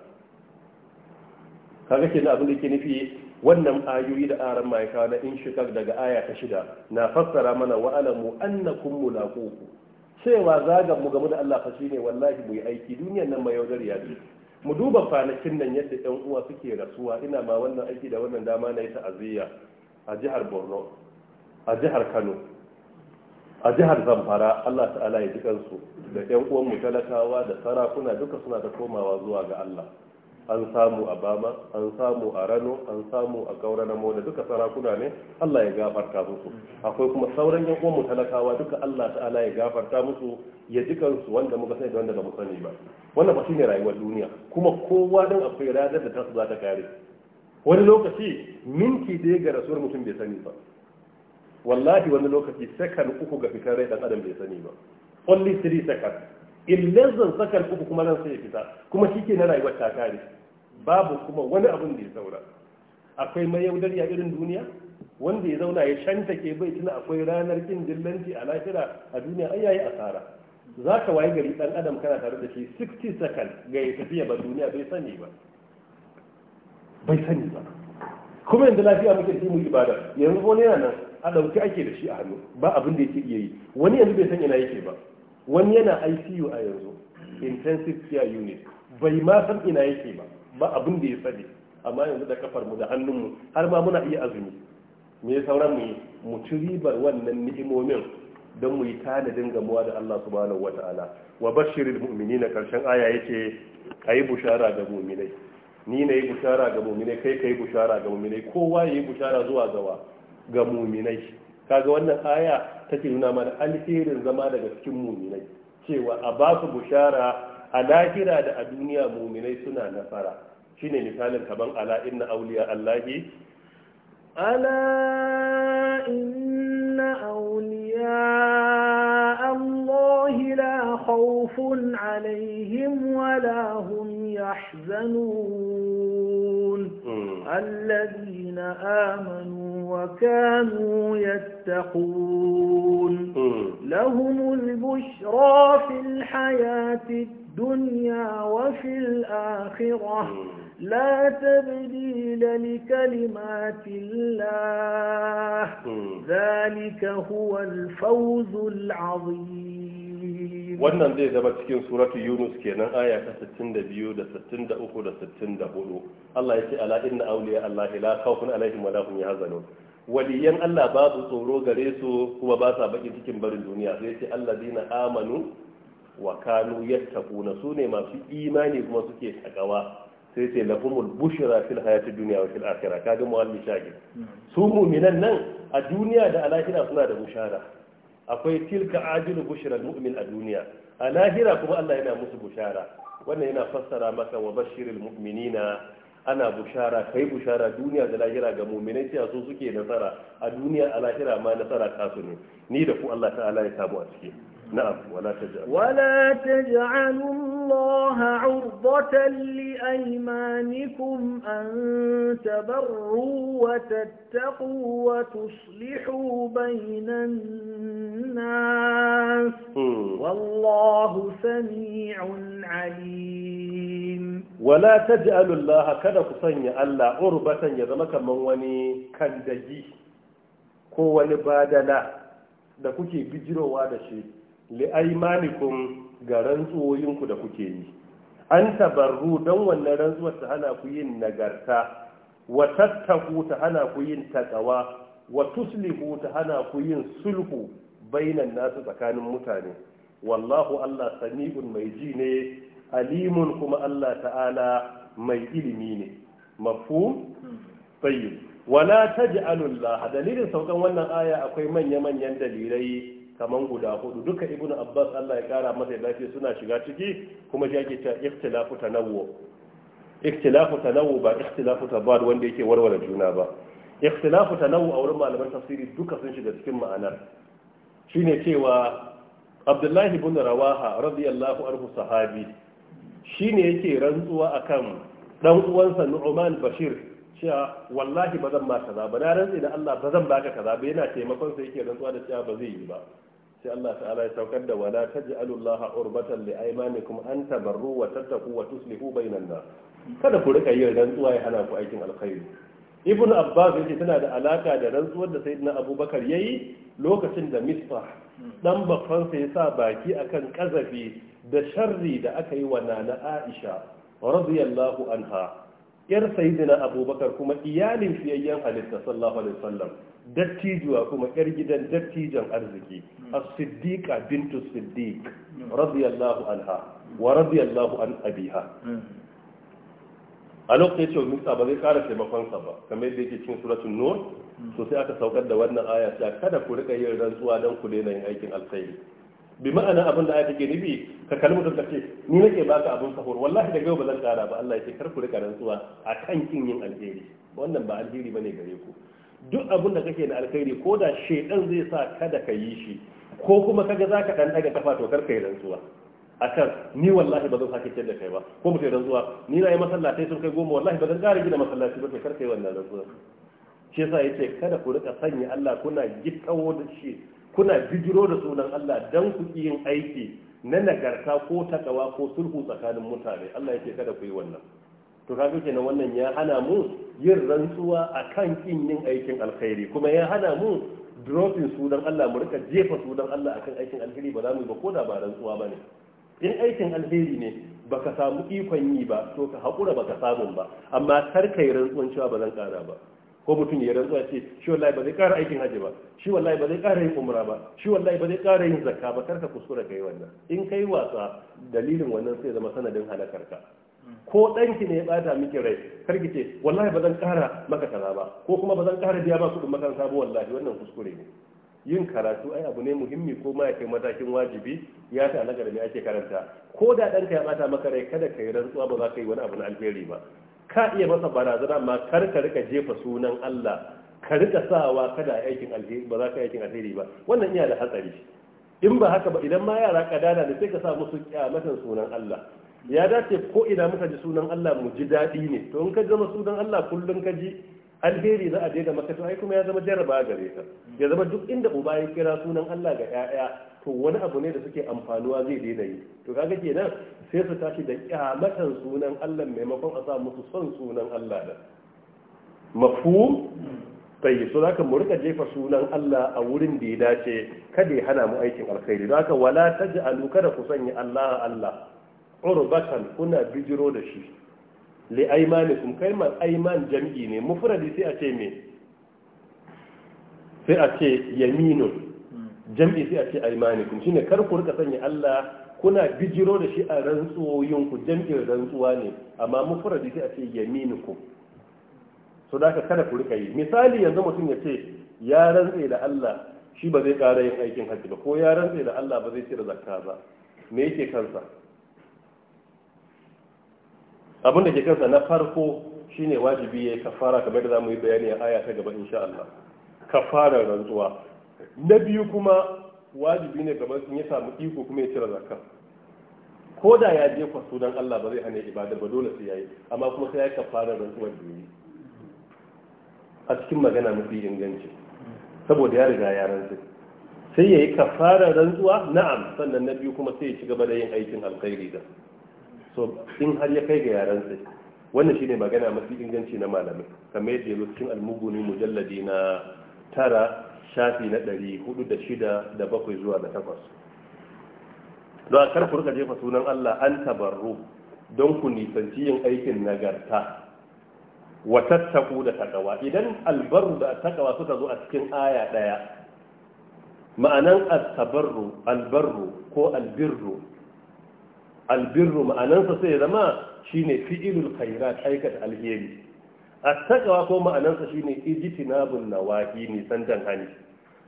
kaga kenan abin da yake nufi wannan ayoyi da aran ma'aika na in shikar daga aya ta shida na fassara mana wa alamu annakum mulaquku cewa zagan mu game da Allah fa shine wallahi mu yi aiki duniyar nan mai yaudar ya mu duba kwanakin nan yadda ɗan uwa suke rasuwa ina ma wannan aiki da wannan dama na yi ta'aziyya a jihar Borno a jihar Kano a jihar Zamfara Allah ta'ala ya ji kansu da ɗan uwan mu talakawa da sarakuna duka suna ta komawa zuwa ga Allah an samu a bama an samu a rano an samu a gaura na moda duka sarakuna ne allah ya gafarta musu akwai kuma sauran yan uwan talakawa duka allah ta'ala ya gafarta musu ya ji kansu wanda muka sani da wanda ba mu sani ba wannan ba shine rayuwar duniya kuma kowa dan akwai ranar da tasu za ta kare wani lokaci minti daya ga rasuwar mutum bai sani ba wallahi wani lokaci second uku ga fitar rai dan adam bai sani ba only 3 seconds zan saka uku kuma nan sai ya fita kuma shike na rayuwar ta kare babu kuma wani abun da ya saura akwai ya irin duniya wanda ya zauna ya shanta ke bai tuna akwai ranar kin dillanci a lahira a duniya ai yayi asara za ka waye gari dan adam kana tare da shi 60 second ga tafiya ba duniya bai sani ba bai sani ba kuma yanzu lafiya muke da mu ibada yanzu wani yana nan a dauki ake da shi a hannu ba abin da yake iya yi wani yanzu bai san ina yake ba wani yana ICU a yanzu intensive care unit bai ma san ina yake ba ba abin da ya sani amma yanzu da kafar mu da hannun mu har ma muna iya azumi me sauran mu mu ci ribar wannan ni'imomin don mu yi tanadin gamuwa da Allah subhanahu wata'ala wa bashirin mu'minina na karshen aya yake ayi bushara ga mu'minai ni na yi bushara ga mu'minai kai ka yi bushara ga mu'minai kowa ya yi bushara zuwa gawa ga mu'minai kaga wannan aya take nuna mana alherin zama daga cikin muminai cewa a ba su bushara a lahira da a duniya muminai suna nasara shine misalin kaban ala inna auliya allahi ala inna auliya allahi la khawfun alaihim wala hum yahzanun الذين hmm. آمنوا وكانوا يتقون لهم البشرى في الحياة الدنيا وفي الآخرة لا تبديل لكلمات الله ذلك هو الفوز العظيم wannan zai zama cikin suratu yunus kenan aya ta 62 da 63 da 64 Allah ya ce ala inna awliya Allah la khawfun alaihim wa la hum yahzanun waliyan Allah babu tsoro gare su kuma ba sa baki cikin barin duniya sai ce alladina amanu wa kanu yattaquna sune masu imani kuma suke takawa sai ce lahumul bushra fil hayati dunya wa fil akhirah kaga mu'allim shagir hmm. su mu'minan nan a duniya da alakhirah suna da bushara akwai tilka ajilu bushra mu'min a duniya a lahira kuma Allah yana musu bushara wannan yana fassara maka wa bashirin mu'minina ana bushara kai bushara duniya da lahira ga mu'minai cewa su suke nasara a duniya a lahira ma nasara kasu ne ni da ku Allah ta'ala ya samu a ciki na'am wala taj'al wala taj'alun الله عرضة لأيمانكم أن تبروا وتتقوا وتصلحوا بين الناس والله سميع عليم ولا تجعل الله كذا كسني ألا عربة يذمك من وني كندجي كو وني بادلا da kuke bijirowa da shi li'aimanikum ga rantsuwoyinku da kuke yi an tabarru don wannan rantsuwar ta hana ku yin nagarta wa tattaku ta hana ku yin takawa wa tuslihu ta hana ku yin sulhu bainan nasu tsakanin mutane wallahu Allah sami'un mai ji ne alimun kuma Allah ta'ala mai ilimi ne mafhum tayyib wala taj'alullaha dalilin saukan wannan aya akwai manya-manyan dalilai kaman guda hudu duka ibnu abbas Allah ya kara masa lafiya suna shiga ciki kuma shi ta cewa ikhtilafu tanawwu ikhtilafu tanawwu ba ikhtilafu tabad wanda yake warware juna ba ikhtilafu tanawwu a wurin malaman tafsiri duka sun shiga cikin ma'anar shine cewa Abdullahi ibn Rawaha radiyallahu anhu sahabi shine yake rantsuwa akan dan uwansa Nu'man Bashir cewa wallahi ba zan ma kaza ba na rantsi da Allah ba zan baka kaza ba yana taimakon sa yake rantsuwa da cewa ba zai yi ba sai Allah ta'ala ya saukar da wala taj'alullaha urbatan li aymanikum an tabarru wa tattaqu wa tuslihu bainan nas kada ku rika yin rantsuwa ya hana ku aikin alkhairi ibn abbas yace tana da alaka da rantsuwar da sayyidina abubakar yayi lokacin da misbah dan ya sa yasa baki akan kazafi da sharri da aka yi wa nana aisha radiyallahu anha yar sayyidina abubakar kuma iyalin fiyayyen halitta sallallahu alaihi wasallam dattijuwa kuma yar gidan dattijan arziki as-siddiqa bintu siddiq radiyallahu anha wa radiyallahu an abiha a lokacin cewa musa ba zai kara taimakonsa ba kamar yadda yake cikin suratun nur so sai aka saukar da wannan aya sai kada ku rika yin rantsuwa don ku daina yin aikin alkhairi bi ma'ana abin da ake nufi ka kalli da ce ni nake baka abin sahur wallahi da yau ba zan kara ba Allah ya ce kar ku rika rantsuwa akan kin yin alheri wannan ba ba ne gare ku duk abin da kake da alkhairi ko da shedan zai sa kada ka yi shi ko kuma kaga zaka dan daga kafa to karka yi rantsuwa akan ni wallahi ba zan sake ce da kai ba ko mutai rantsuwa ni na yi masallatai sun kai goma wallahi ba zan gara gina masallaci ba to karka yi wannan rantsuwa shi yasa yace kada ku rika sanya Allah kuna gikawo da shi kuna bijiro da sunan Allah dan ku yin aiki na nagarta ko takawa ko sulhu tsakanin mutane Allah yake kada ku yi wannan to kaga kenan wannan ya hana mu yin rantsuwa akan kin yin aikin alkhairi kuma ya hana mu dropping sunan Allah mu rika jefa su sunan Allah akan aikin alheri ba za mu ba ko da ba rantsuwa bane in aikin alheri ne baka samu ikon yi ba to ka hakura baka samu ba amma kar kai rantsuwan cewa ba zan kara ba ko mutum ya rantsuwa ce shi wallahi ba zai kara aikin haji ba shi wallahi ba zai kara yin umra ba shi wallahi ba zai kara yin zakka ba kar ka kuskura kai wannan in kai wasa dalilin wannan sai zama sanadin halakarka ko ɗanki ne ya ɓata miki rai kar ki ce wallahi ba zan ƙara maka kaza ba ko kuma ba zan ƙara biya ba kuɗin makaranta ba wallahi wannan kuskure ne yin karatu ai abu ne muhimmi ko ma ya matakin wajibi ya ta alaƙa da me ake karanta ko da ɗanka ya ɓata maka rai kada ka yi rantsuwa ba za ka yi wani abu na alheri ba ka iya masa barazana ma kar ka rika jefa sunan Allah ka rika sawa kada aikin alheri ba za ka yi aikin alheri ba wannan iya da hatsari in ba haka ba idan ma yara kadana da sai ka sa musu kyamatan sunan Allah ya dace ko ina muka ji sunan Allah mu ji daɗi ne to in ka zama sunan Allah kullum ka ji alheri za a je da maka to ai kuma ya zama jarraba gare ka ya zama duk inda uba ya kira sunan Allah ga 'ya'ya to wani abu ne da suke amfanuwa zai daina yi to kaga kenan sai su tashi da kyamatan sunan Allah maimakon a sa musu son sunan Allah da mafhum tayyib so zaka mu rika jefa sunan Allah a wurin da ya dace kada ya hana mu aikin alkhairi zaka wala taj'alu kada ku sanya Allah Allah urbatan kuna bijiro da shi li kai ma aiman jam'i ne mufradi sai a ce me sai a ce yaminu jam'i sai a ce aymanikum shine kar ku rika sanya Allah kuna bijiro da shi a rantsuwoyin ku jam'i rantsuwa ne amma mufradi sai a ce yaminu ku so da kada ku rika yi misali yanzu mutum ya ce ya rantse da Allah shi ba zai ƙara yin aikin hajji ba ko ya rantse da Allah ba zai cire zakka ba me yake kansa abinda da ke kansa na farko shine wajibi ya yi kafara kamar da za mu yi bayani a aya ta gaba insha Allah kafara rantsuwa na biyu kuma wajibi ne gaban sun ya samu iko kuma ya cire zakka ko da ya je kwaso don Allah ba zai hane ibada ba dole sai yayi amma kuma sai ya kafara rantsuwar da yi a cikin magana mafi inganci saboda ya riga ya rantsu sai ya yi kafara rantsuwa na'am sannan na biyu kuma sai ya ci gaba da yin aikin alkhairi da so in har ya kai ga yaran sai wannan shine magana mafi inganci na malamai kamar yadda yazo cikin almuguni mujalladi na tara shafi na ɗari hudu da shida da bakwai zuwa da takwas don a ku rika jefa sunan Allah an tabarru don ku nisanci yin aikin nagarta wa tattaku da takawa idan albarru da takawa suka zo a cikin aya ɗaya ma'anan at-tabarru albarru ko albirru albirru ma'anansa sai zama shine fi'ilul khairat aikata alheri attaqwa ko ma'anansa shine ijtinabun nawahi ni sandan hani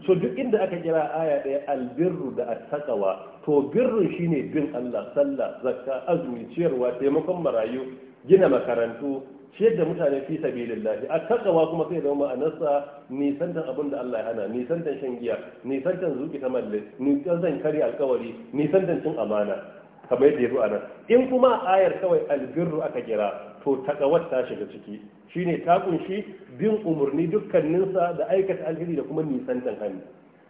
so duk inda aka kira aya ɗaya albirru da attaqwa to birrun shine bin Allah sallah zakka azumi ciyarwa taimakon marayu gina makarantu ciyar da mutane fi sabilillahi a takawa kuma sai zama ma'anarsa nisantan abin da Allah ya hana nisantan shan giya nisantan zuki ta malle nisantan kare alkawari nisantan cin amana kamar yadda ya zo a nan in kuma ayar kawai albirru aka kira to takawar ta shiga ciki shine ta kunshi bin umarni dukkaninsa da aikata alheri da kuma nisantan hannu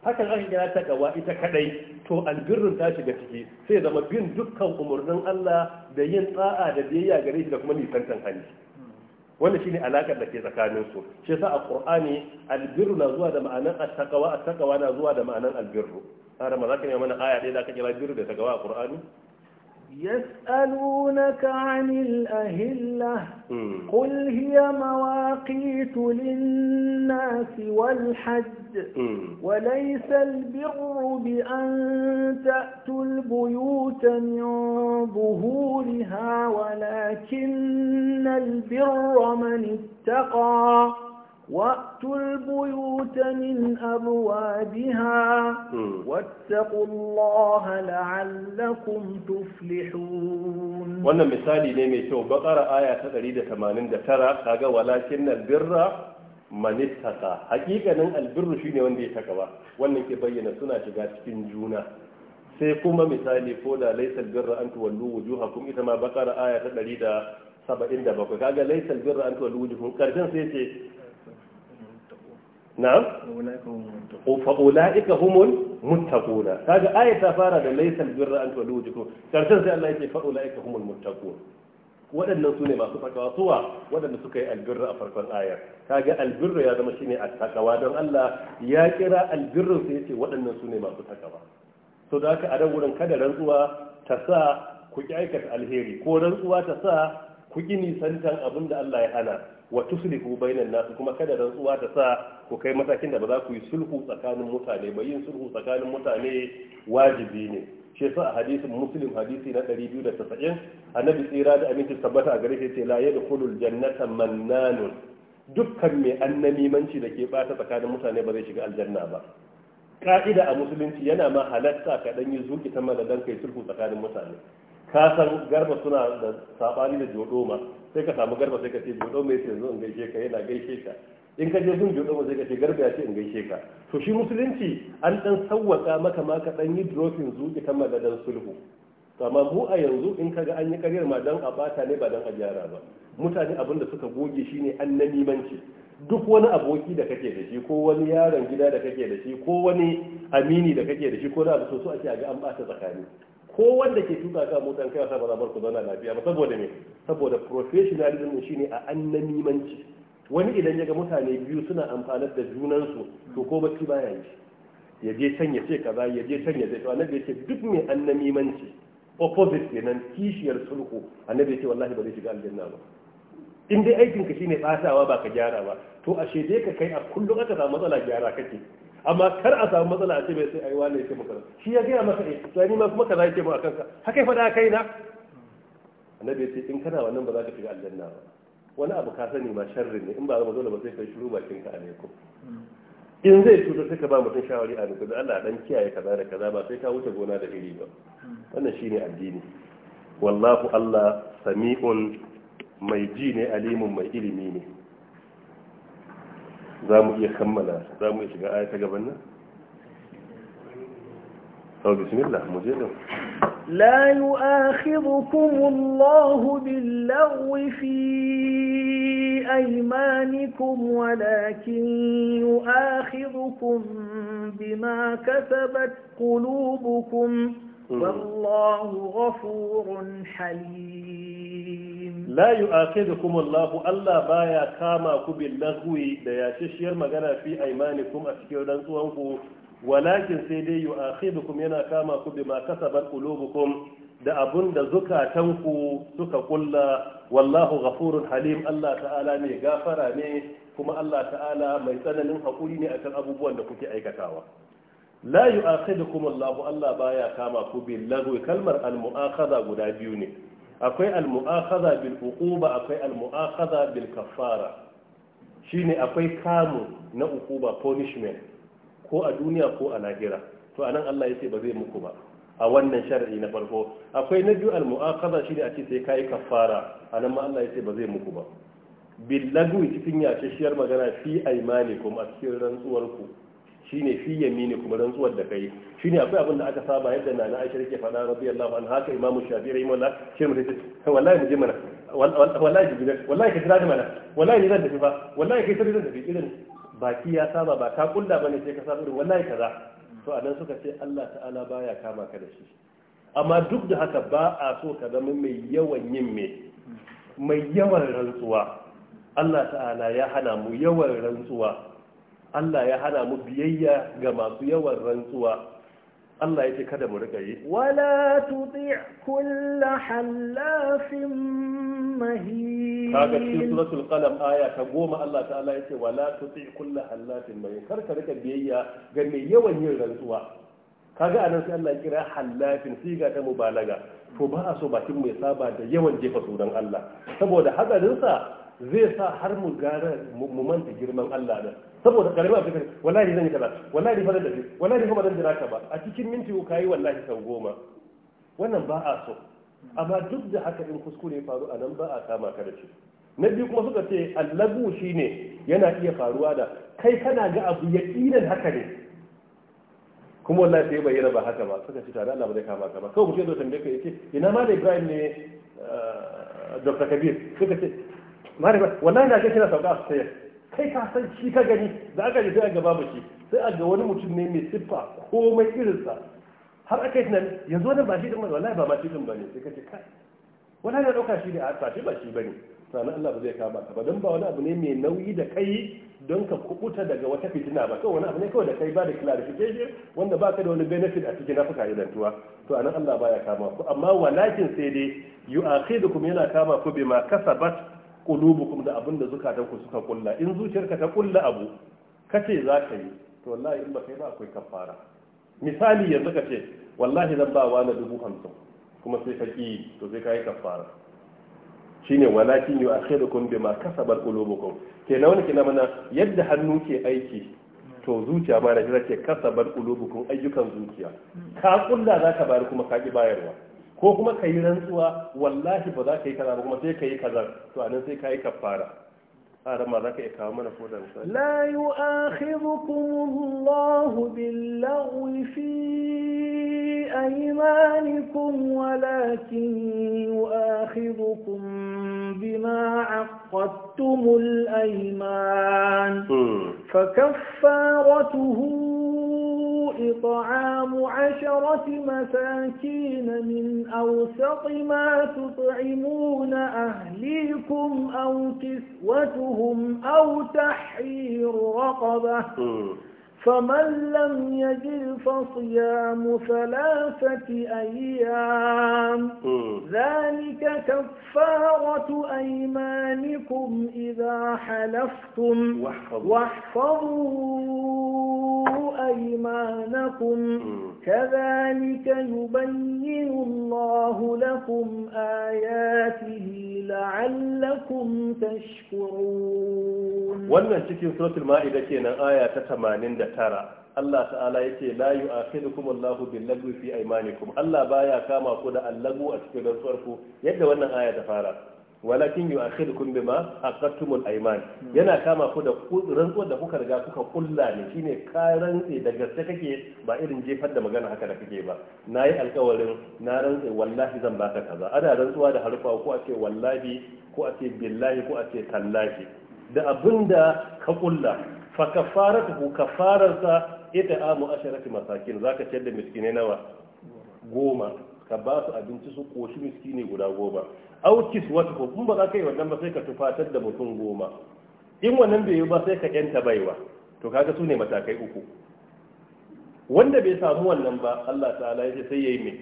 hakan aka kira takawa ita kadai to albirru ta shiga ciki sai zama bin dukkan umarnin Allah da yin tsa'a da biyayya gare shi da kuma nisantan hannu wannan shine alakar da ke tsakanin su shi yasa a qur'ani albirru na zuwa da ma'anar at-taqwa at-taqwa na zuwa da ma'anar albirru har ma zaka mana aya ɗaya da aka kira birru da taqwa a qur'ani يسألونك عن الأهلة قل هي مواقيت للناس والحج وليس البر بأن تأتوا البيوت من ظهورها ولكن البر من اتقى وَأْتُوا الْبُيُوتَ مِنْ أَبْوَابِهَا وَاتَّقُوا اللَّهَ لَعَلَّكُمْ تُفْلِحُونَ wannan misali ne mai kyau bakara aya ta 189 kaga walakin albirra ta ittaqa hakikanin albirru shine wanda ya takawa wannan ke bayyana suna shiga cikin juna sai kuma misali ko da laysal birra an tuwallu wujuhakum ita ma bakara aya ta 177 kaga laysal birra an tuwallu wujuhakum karshen sai ce na'am fa ulaika humul ta ga ayat ta fara da laysal birra an tuwallu wujukum karshen sai Allah yake fa ulaika humul muttaqun waɗannan su ne masu takawa suwa waɗanda suka yi albirra a farkon ayar ta ga albirra ya zama shine takawa don Allah ya kira albirra sai yace waɗannan su ne masu takawa so da haka a nan wurin kada rantsuwa ta sa ku ki aikata alheri ko rantsuwa ta sa ku ki nisantan abin da Allah ya hana wa tuslihu bainan nasu kuma kada rantsuwa ta sa ku kai matakin da ba za ku yi sulhu tsakanin mutane ba yin sulhu tsakanin mutane wajibi ne shi yasa a hadisin muslim hadisi na 290 annabi tsira da aminci tabbata a gare shi ce la yadkhulul jannata mannan dukkan mai annamimanci da ke bata tsakanin mutane ba zai shiga aljanna ba ka'ida a musulunci yana ma halatta ka dan yi zuki ta malalan kai sulhu tsakanin mutane ka san garba suna da sabani da jodoma sai ka samu garba sai ka ce jodoma ya ce yanzu in gaishe ka yana gaishe ka in ka je sun jodoma sai ka ce garba ya ce in gaishe ka to shi musulunci an dan sawwaka maka ma ka dan yi dropping zuki ta magadan sulhu amma mu a yanzu in ka ga an yi karyar ma dan a bata ne ba dan a gyara ba mutane abin da suka goge shine nimanci duk wani aboki da kake da shi ko wani yaron gida da kake da shi ko wani amini da kake da shi ko da su a ce a ga an bata tsakani ko wanda ke tuka ka motan kai wasa ba za ku zauna lafiya ba saboda me saboda professionalism ne a annamimanci wani idan ya ga mutane biyu suna amfanar da junansu to ko bacci baya yi ya je can ya ce kaza ya je can ya ce to annabi ya ce duk mai annamimanci opposite kenan kishiyar sulhu annabi ya ce wallahi ba zai shiga aljanna ba in dai aikin ka shine batawa ba ka gyara ba to ashe dai ka kai a kullum aka samu matsala gyara kake amma kar a samu matsala a ce mai sai yi wani yake maka shi ya gaya maka eh to ni ma kuma kaza yake mu akan ka haka ya faɗa kai na annabi ya ce in kana wannan ba za ka shiga aljanna ba wani abu ka sani ma sharri ne in ba zama dole ba sai kai shiru bakin ka alaikum in zai cutar sai ka ba mutum shawari a nufin da Allah dan kiyaye kaza da kaza ba sai ka wuce gona da iri ba wannan shine addini wallahu Allah sami'un mai ji ne alimun mai ilimi ne za mu iya kammala za mu iya shiga aya ta gaban nan أو بسم الله مجلد لا يؤاخذكم الله باللغو في أيمانكم ولكن يؤاخذكم بما كسبت قلوبكم والله غفور حليم la yu'akhidukum Allah Allah baya kama ku bil lahwi da yashishiyar magana fi aymanikum a cikin rantsuwan ku walakin sai dai yu'akhidukum yana kama ku bima kasabat qulubukum da abun da zukatanku ku suka kulla wallahu ghafurun halim Allah ta'ala ne gafara ne kuma Allah ta'ala mai tsananin hakuri ne akan abubuwan da kuke aikatawa la yu'akhidukum Allah Allah baya kama ku bil kalmar al mu'akhadha guda biyu ne akwai al-mu'akhadha bil uquba akwai al-mu'akhadha bil kaffara shine akwai kamu na uquba punishment ko a duniya ko a lahira to anan Allah yace ba zai muku ba a wannan shar'i na farko akwai na biyu al-mu'akhadha shine a ce sai kai kaffara anan ma Allah yace ba zai muku ba bil lagu cikin shiyar magana fi aymanikum a cikin rantsuwarku shine fi yamini kuma rantsuwar da kai shine akwai abin da aka saba yadda na na Aisha take faɗa radiyallahu anha haka Imam Shafi'i rahimahullah shi mu tace wallahi mu je mana wallahi ji wallahi ka da mana wallahi ni zan tafi fa wallahi kai sai zan tafi irin baki ya saba ba ka kulla bane sai ka saba irin wallahi kaza to a nan suka ce Allah ta'ala baya kama ka da shi amma duk da haka ba a so ka zama mai yawan yin me mai yawan rantsuwa Allah ta'ala ya hana mu yawan rantsuwa Allah ya hana mu biyayya ga masu yawan rantsuwa Allah ya ce kada mu rika yi wala tuti kulla halafin mahin kaga cikin suratul qalam aya ta goma Allah ta'ala ya ce wala tuti kulla halafin mahin kar ka rika biyayya ga mai yawan yin rantsuwa kaga anan sai Allah ya kira halafin siga ta mubalaga to ba a so bakin mai saba da yawan jefa sunan Allah saboda hadarinsa zai sa har mu gara mu manta girman Allah da. saboda karbi abin da wallahi zan yi kaza wallahi fa da wallahi fa bazan jira ka ba a cikin minti uku kai wallahi sau goma wannan ba a so amma duk da haka in kuskure faru a nan ba a kama ka da shi na biyu kuma suka ce allabu shine yana iya faruwa da kai kana ga abu ya yaqinan haka ne kuma wallahi sai bayyana ba haka ba suka ce tare Allah ba zai kama ka ba kawai mutum zai tambaye ka yace ina ma da Ibrahim ne eh, Dr. Kabir suka ce mare wallahi na ga kina sauka a tsaye kai ka san shi ka gani da aka yi sai a gaba ba shi sai a ga wani mutum ne mai siffa komai irinsa har aka yi tunani yanzu wani ba shi din wallahi ba ma shi din bane sai ka ce kai wani na dauka shi ne a ba shi ba shi bane sannan Allah ba zai kama ka ba don ba wani abu ne mai nauyi da kai don ka kubuta daga wata fitina ba kawai wani abu ne kawai da kai ba da clarification wanda baka da wani benefit a cikin nafuka tuwa to anan Allah baya kama ku amma walakin sai dai yu'akhidukum yana kama ku bima kasabat kulubukum da abin da zukatanku suka kulla in zuciyarka ta kulla abu kace za ka yi to wallahi in ba kai ba akwai kafara misali yanzu ka ce wallahi zan ba wa na dubu hamsin kuma sai ka ƙi to sai ka yi kafara shine walakin yu akhirukum bima kasabat qulubukum kenan wani kina mana yadda hannu ke aiki to zuciya ba na jira ce kasabar kulubukun ayyukan zuciya ka kulla za ka bayar kuma ka ki bayarwa ko kuma ka yi rantsuwa wallahi ba za ka yi kaza ba kuma sai ka yi kaza to anan sai ka yi kafara ara ma za ka iya kawo mana ko da misali la yu'akhidhukum Allahu bil-lagwi fi aymanikum walakin yu'akhidhukum bima 'aqadtum ayman hmm. fa kaffaratuhu إطعام عشرة مساكين من أوسط ما تطعمون أهليكم أو كسوتهم أو تحرير رقبة فمن لم يجد فصيام ثلاثة أيام ذلك كفارة أيمانكم إذا حلفتم واحفظوا أيمانكم كذلك يبين الله لكم آياته لعلكم تشكرون وانا شكل سورة المائدة كينا آية 89 tara Allah ta'ala yake la yu'akhidukum Allahu bil lagwi fi aymanikum Allah baya kama ku da allagu a cikin rantsuwar yadda wannan aya ta fara walakin yu'akhidukum bima aqattumul ayman yana kama ku da rantsuwar da kuka riga kuka kulla ne shine ka rantse da gaske kake ba irin jefar da magana haka da kake ba nayi alƙawarin na rantse wallahi zan baka kaza ana rantsuwa da harfa ko a ce wallahi ko a ce billahi ko a ce tallahi da abinda ka kulla fa kafaratuhu kafararsa ita amu asharati masakin zaka ciyar da miskinai nawa goma ka ba su abinci su koshi miskini guda goma au kiswatuhu kun ba za ka yi wannan ba sai ka tufatar da mutum goma in wannan bai yi ba sai ka yanta baiwa to kaga su ne matakai uku wanda bai samu wannan ba Allah ta'ala ya ce sai yayi mai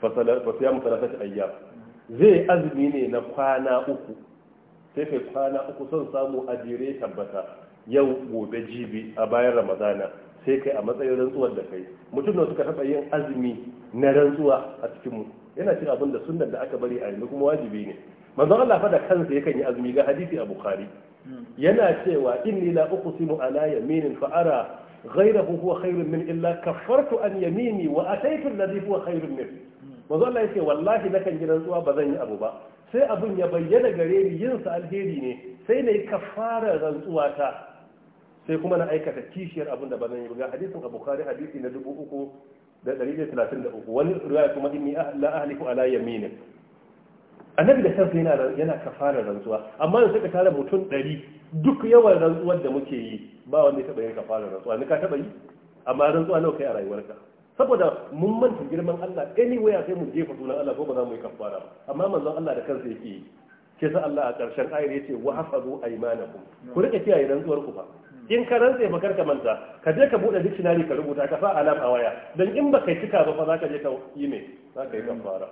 fa siyamu salatati ayyam zai azumi ne na kwana uku sai kai kwana uku son samu a tabbata yau gobe jibi a bayan ramadana sai kai a matsayin rantsuwar da kai mutum da suka taɓa yin azumi na rantsuwa a cikinmu yana cin abin da sunan da aka bari a yanzu kuma wajibi ne manzo Allah fa da kansa yakan yi azumi ga hadisi a bukhari yana cewa inni la uqsimu ala yaminin fa ara ghayrahu huwa khairun min illa kaffartu an yamini wa ataytu alladhi huwa khairun min manzo Allah yake wallahi nakan yi rantsuwa ba zan yi abu ba sai abin ya bayyana gare ni yin sa alheri ne sai na yi kafara rantsuwa ta sai kuma na aikata kishiyar abin da bazan yi ga hadisin abu kari hadisi na 3,133 wani riwaya kuma inni ah, la ahliku ala yaminin annabi da kansa yana yana kafara rantsuwa amma yanzu ka tara mutum 100 duk yawan rantsuwar da muke yi ba wanda ya taba yin kafara rantsuwa ni ka taba yi amma rantsuwa nawa kai a rayuwarka saboda mun manta girman Allah waya sai mun jefa sunan Allah ko ba za mu yi kafara amma manzon Allah da kansa yake yi ke sa Allah a ƙarshen ayar yace wa hafazu aymanakum ku rika kiyaye rantsuwar ku fa in ka rantse ba karka manta ka je ka bude dictionary ka rubuta ka sa alam a waya dan in ba yi cika ba fa za ka je ka yi me ka yi kafara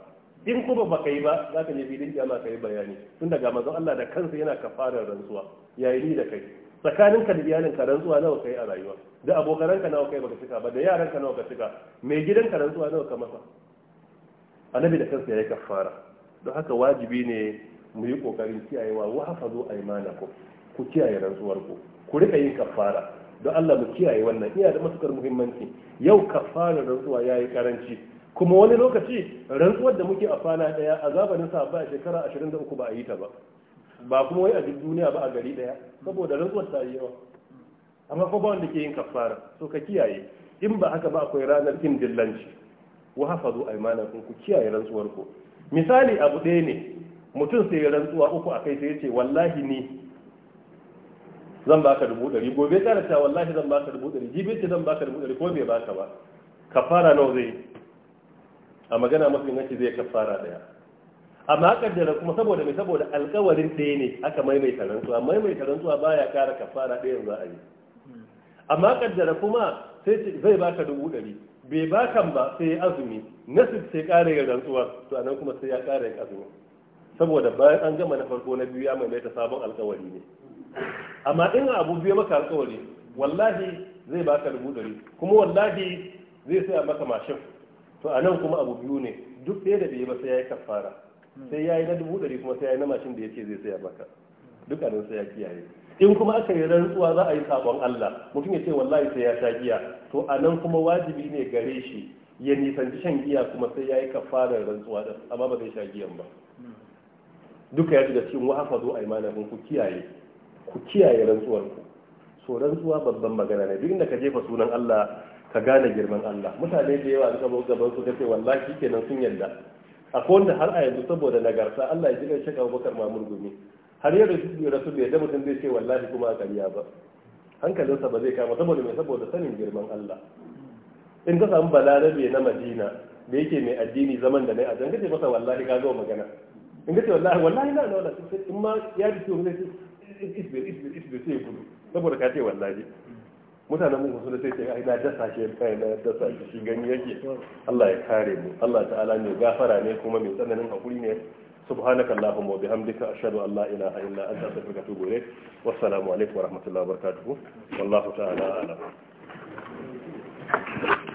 in kuma baka yi ba za ka je filin kiyama ka yi bayani tun daga manzon Allah da kansa yana kafarar rantsuwa yayi ni da kai tsakaninka da iyalinka rantsuwa nawa kai a rayuwa da abokananka nawa kai baka cika ba da yaranka nawa ka cika mai gidanka rantsuwa nawa ka masa annabi da kansa yayi kafara don haka wajibi ne mu yi kokarin kiyayewa wa hafazu aymanakum ku kiyaye rantsuwar ku ku rika yin kafara don Allah mu kiyaye wannan iya da matukar muhimmanci yau kafara rantsuwa yayi karanci kuma wani lokaci rantsuwar da muke a fana daya a sa ba a shekara 23 ba a yi ta ba ba kuma wai a duk duniya ba a gari daya saboda rantsuwar ta yi yawa amma kuma ba wanda ke yin kafara so ka kiyaye in ba haka ba akwai ranar kin dillanci wa hafazu aymanakum ku kiyaye rantsuwar ku misali abu ɗaya ne mutum sai ya rantsuwa uku a kai sai ya ce wallahi ni zan baka dubu ɗari gobe tsara ta wallahi zan baka dubu ɗari jibi ce zan baka dubu ɗari ko bai baka ba kafara nawa zai a magana mafi inganci zai kafara daya amma kaddara kuma saboda mai saboda alkawarin ɗaya ne aka maimaita rantsuwa maimaita rantsuwa baya kara kafara ɗaya za a yi amma kaddara kuma sai zai baka dubu ɗari bai bakan ba sai ya azumi nasib sai kara yin rantsuwa to anan kuma sai ya kara yin azumi saboda bayan an gama na farko na biyu ya maimaita sabon alkawari ne amma in abu biyu maka alkawari wallahi zai baka dubu ɗari kuma wallahi zai saya maka mashin to anan kuma abu biyu ne duk ɗaya da biyu ba sai ya yi kafara sai ya yi na dubu ɗari kuma sai ya yi na mashin da ya ce zai saya maka dukkanin sai ya kiyaye in kuma aka yi rantsuwa za a yi sabon Allah mutum ya ce wallahi sai ya sha giya to a nan kuma wajibi ne gare shi ya nisanci shan giya kuma sai ya yi kafarar rantsuwa da amma ba zai sha giyan ba duka ya da cikin haka zo a kun ku kiyaye ku kiyaye rantsuwar ku so rantsuwa babban magana ne duk inda ka jefa sunan Allah ka gane girman Allah mutane da yawa suka zo gaban su ce wallahi kenan sun yarda akwai wanda har a yanzu saboda nagarta Allah ya jiga shaka bakar Mamur Gumi har yau da rasu biyar da mutum zai ce wallahi kuma a kariya ba hankalinsa ba zai kama saboda mai saboda sanin girman Allah in ka samu balarabe na Madina da yake mai addini zaman da mai a ce masa wallahi ka zuwa magana in ka ce wallahi wallahi na na wallahi in ma ya ji ciwo zai ce isbe isbe isbir sai gudu saboda ka ce wallahi mutanen mu sun sai sai ina da shi kai na da shi shi gani yake Allah ya kare mu Allah ta'ala ne gafara ne kuma mai tsananin hakuri ne سبحانك اللهم وبحمدك أشهد أن لا إله إلا أنت أستغفرك وأتوب إليك والسلام عليكم ورحمة الله وبركاته والله تعالى أعلم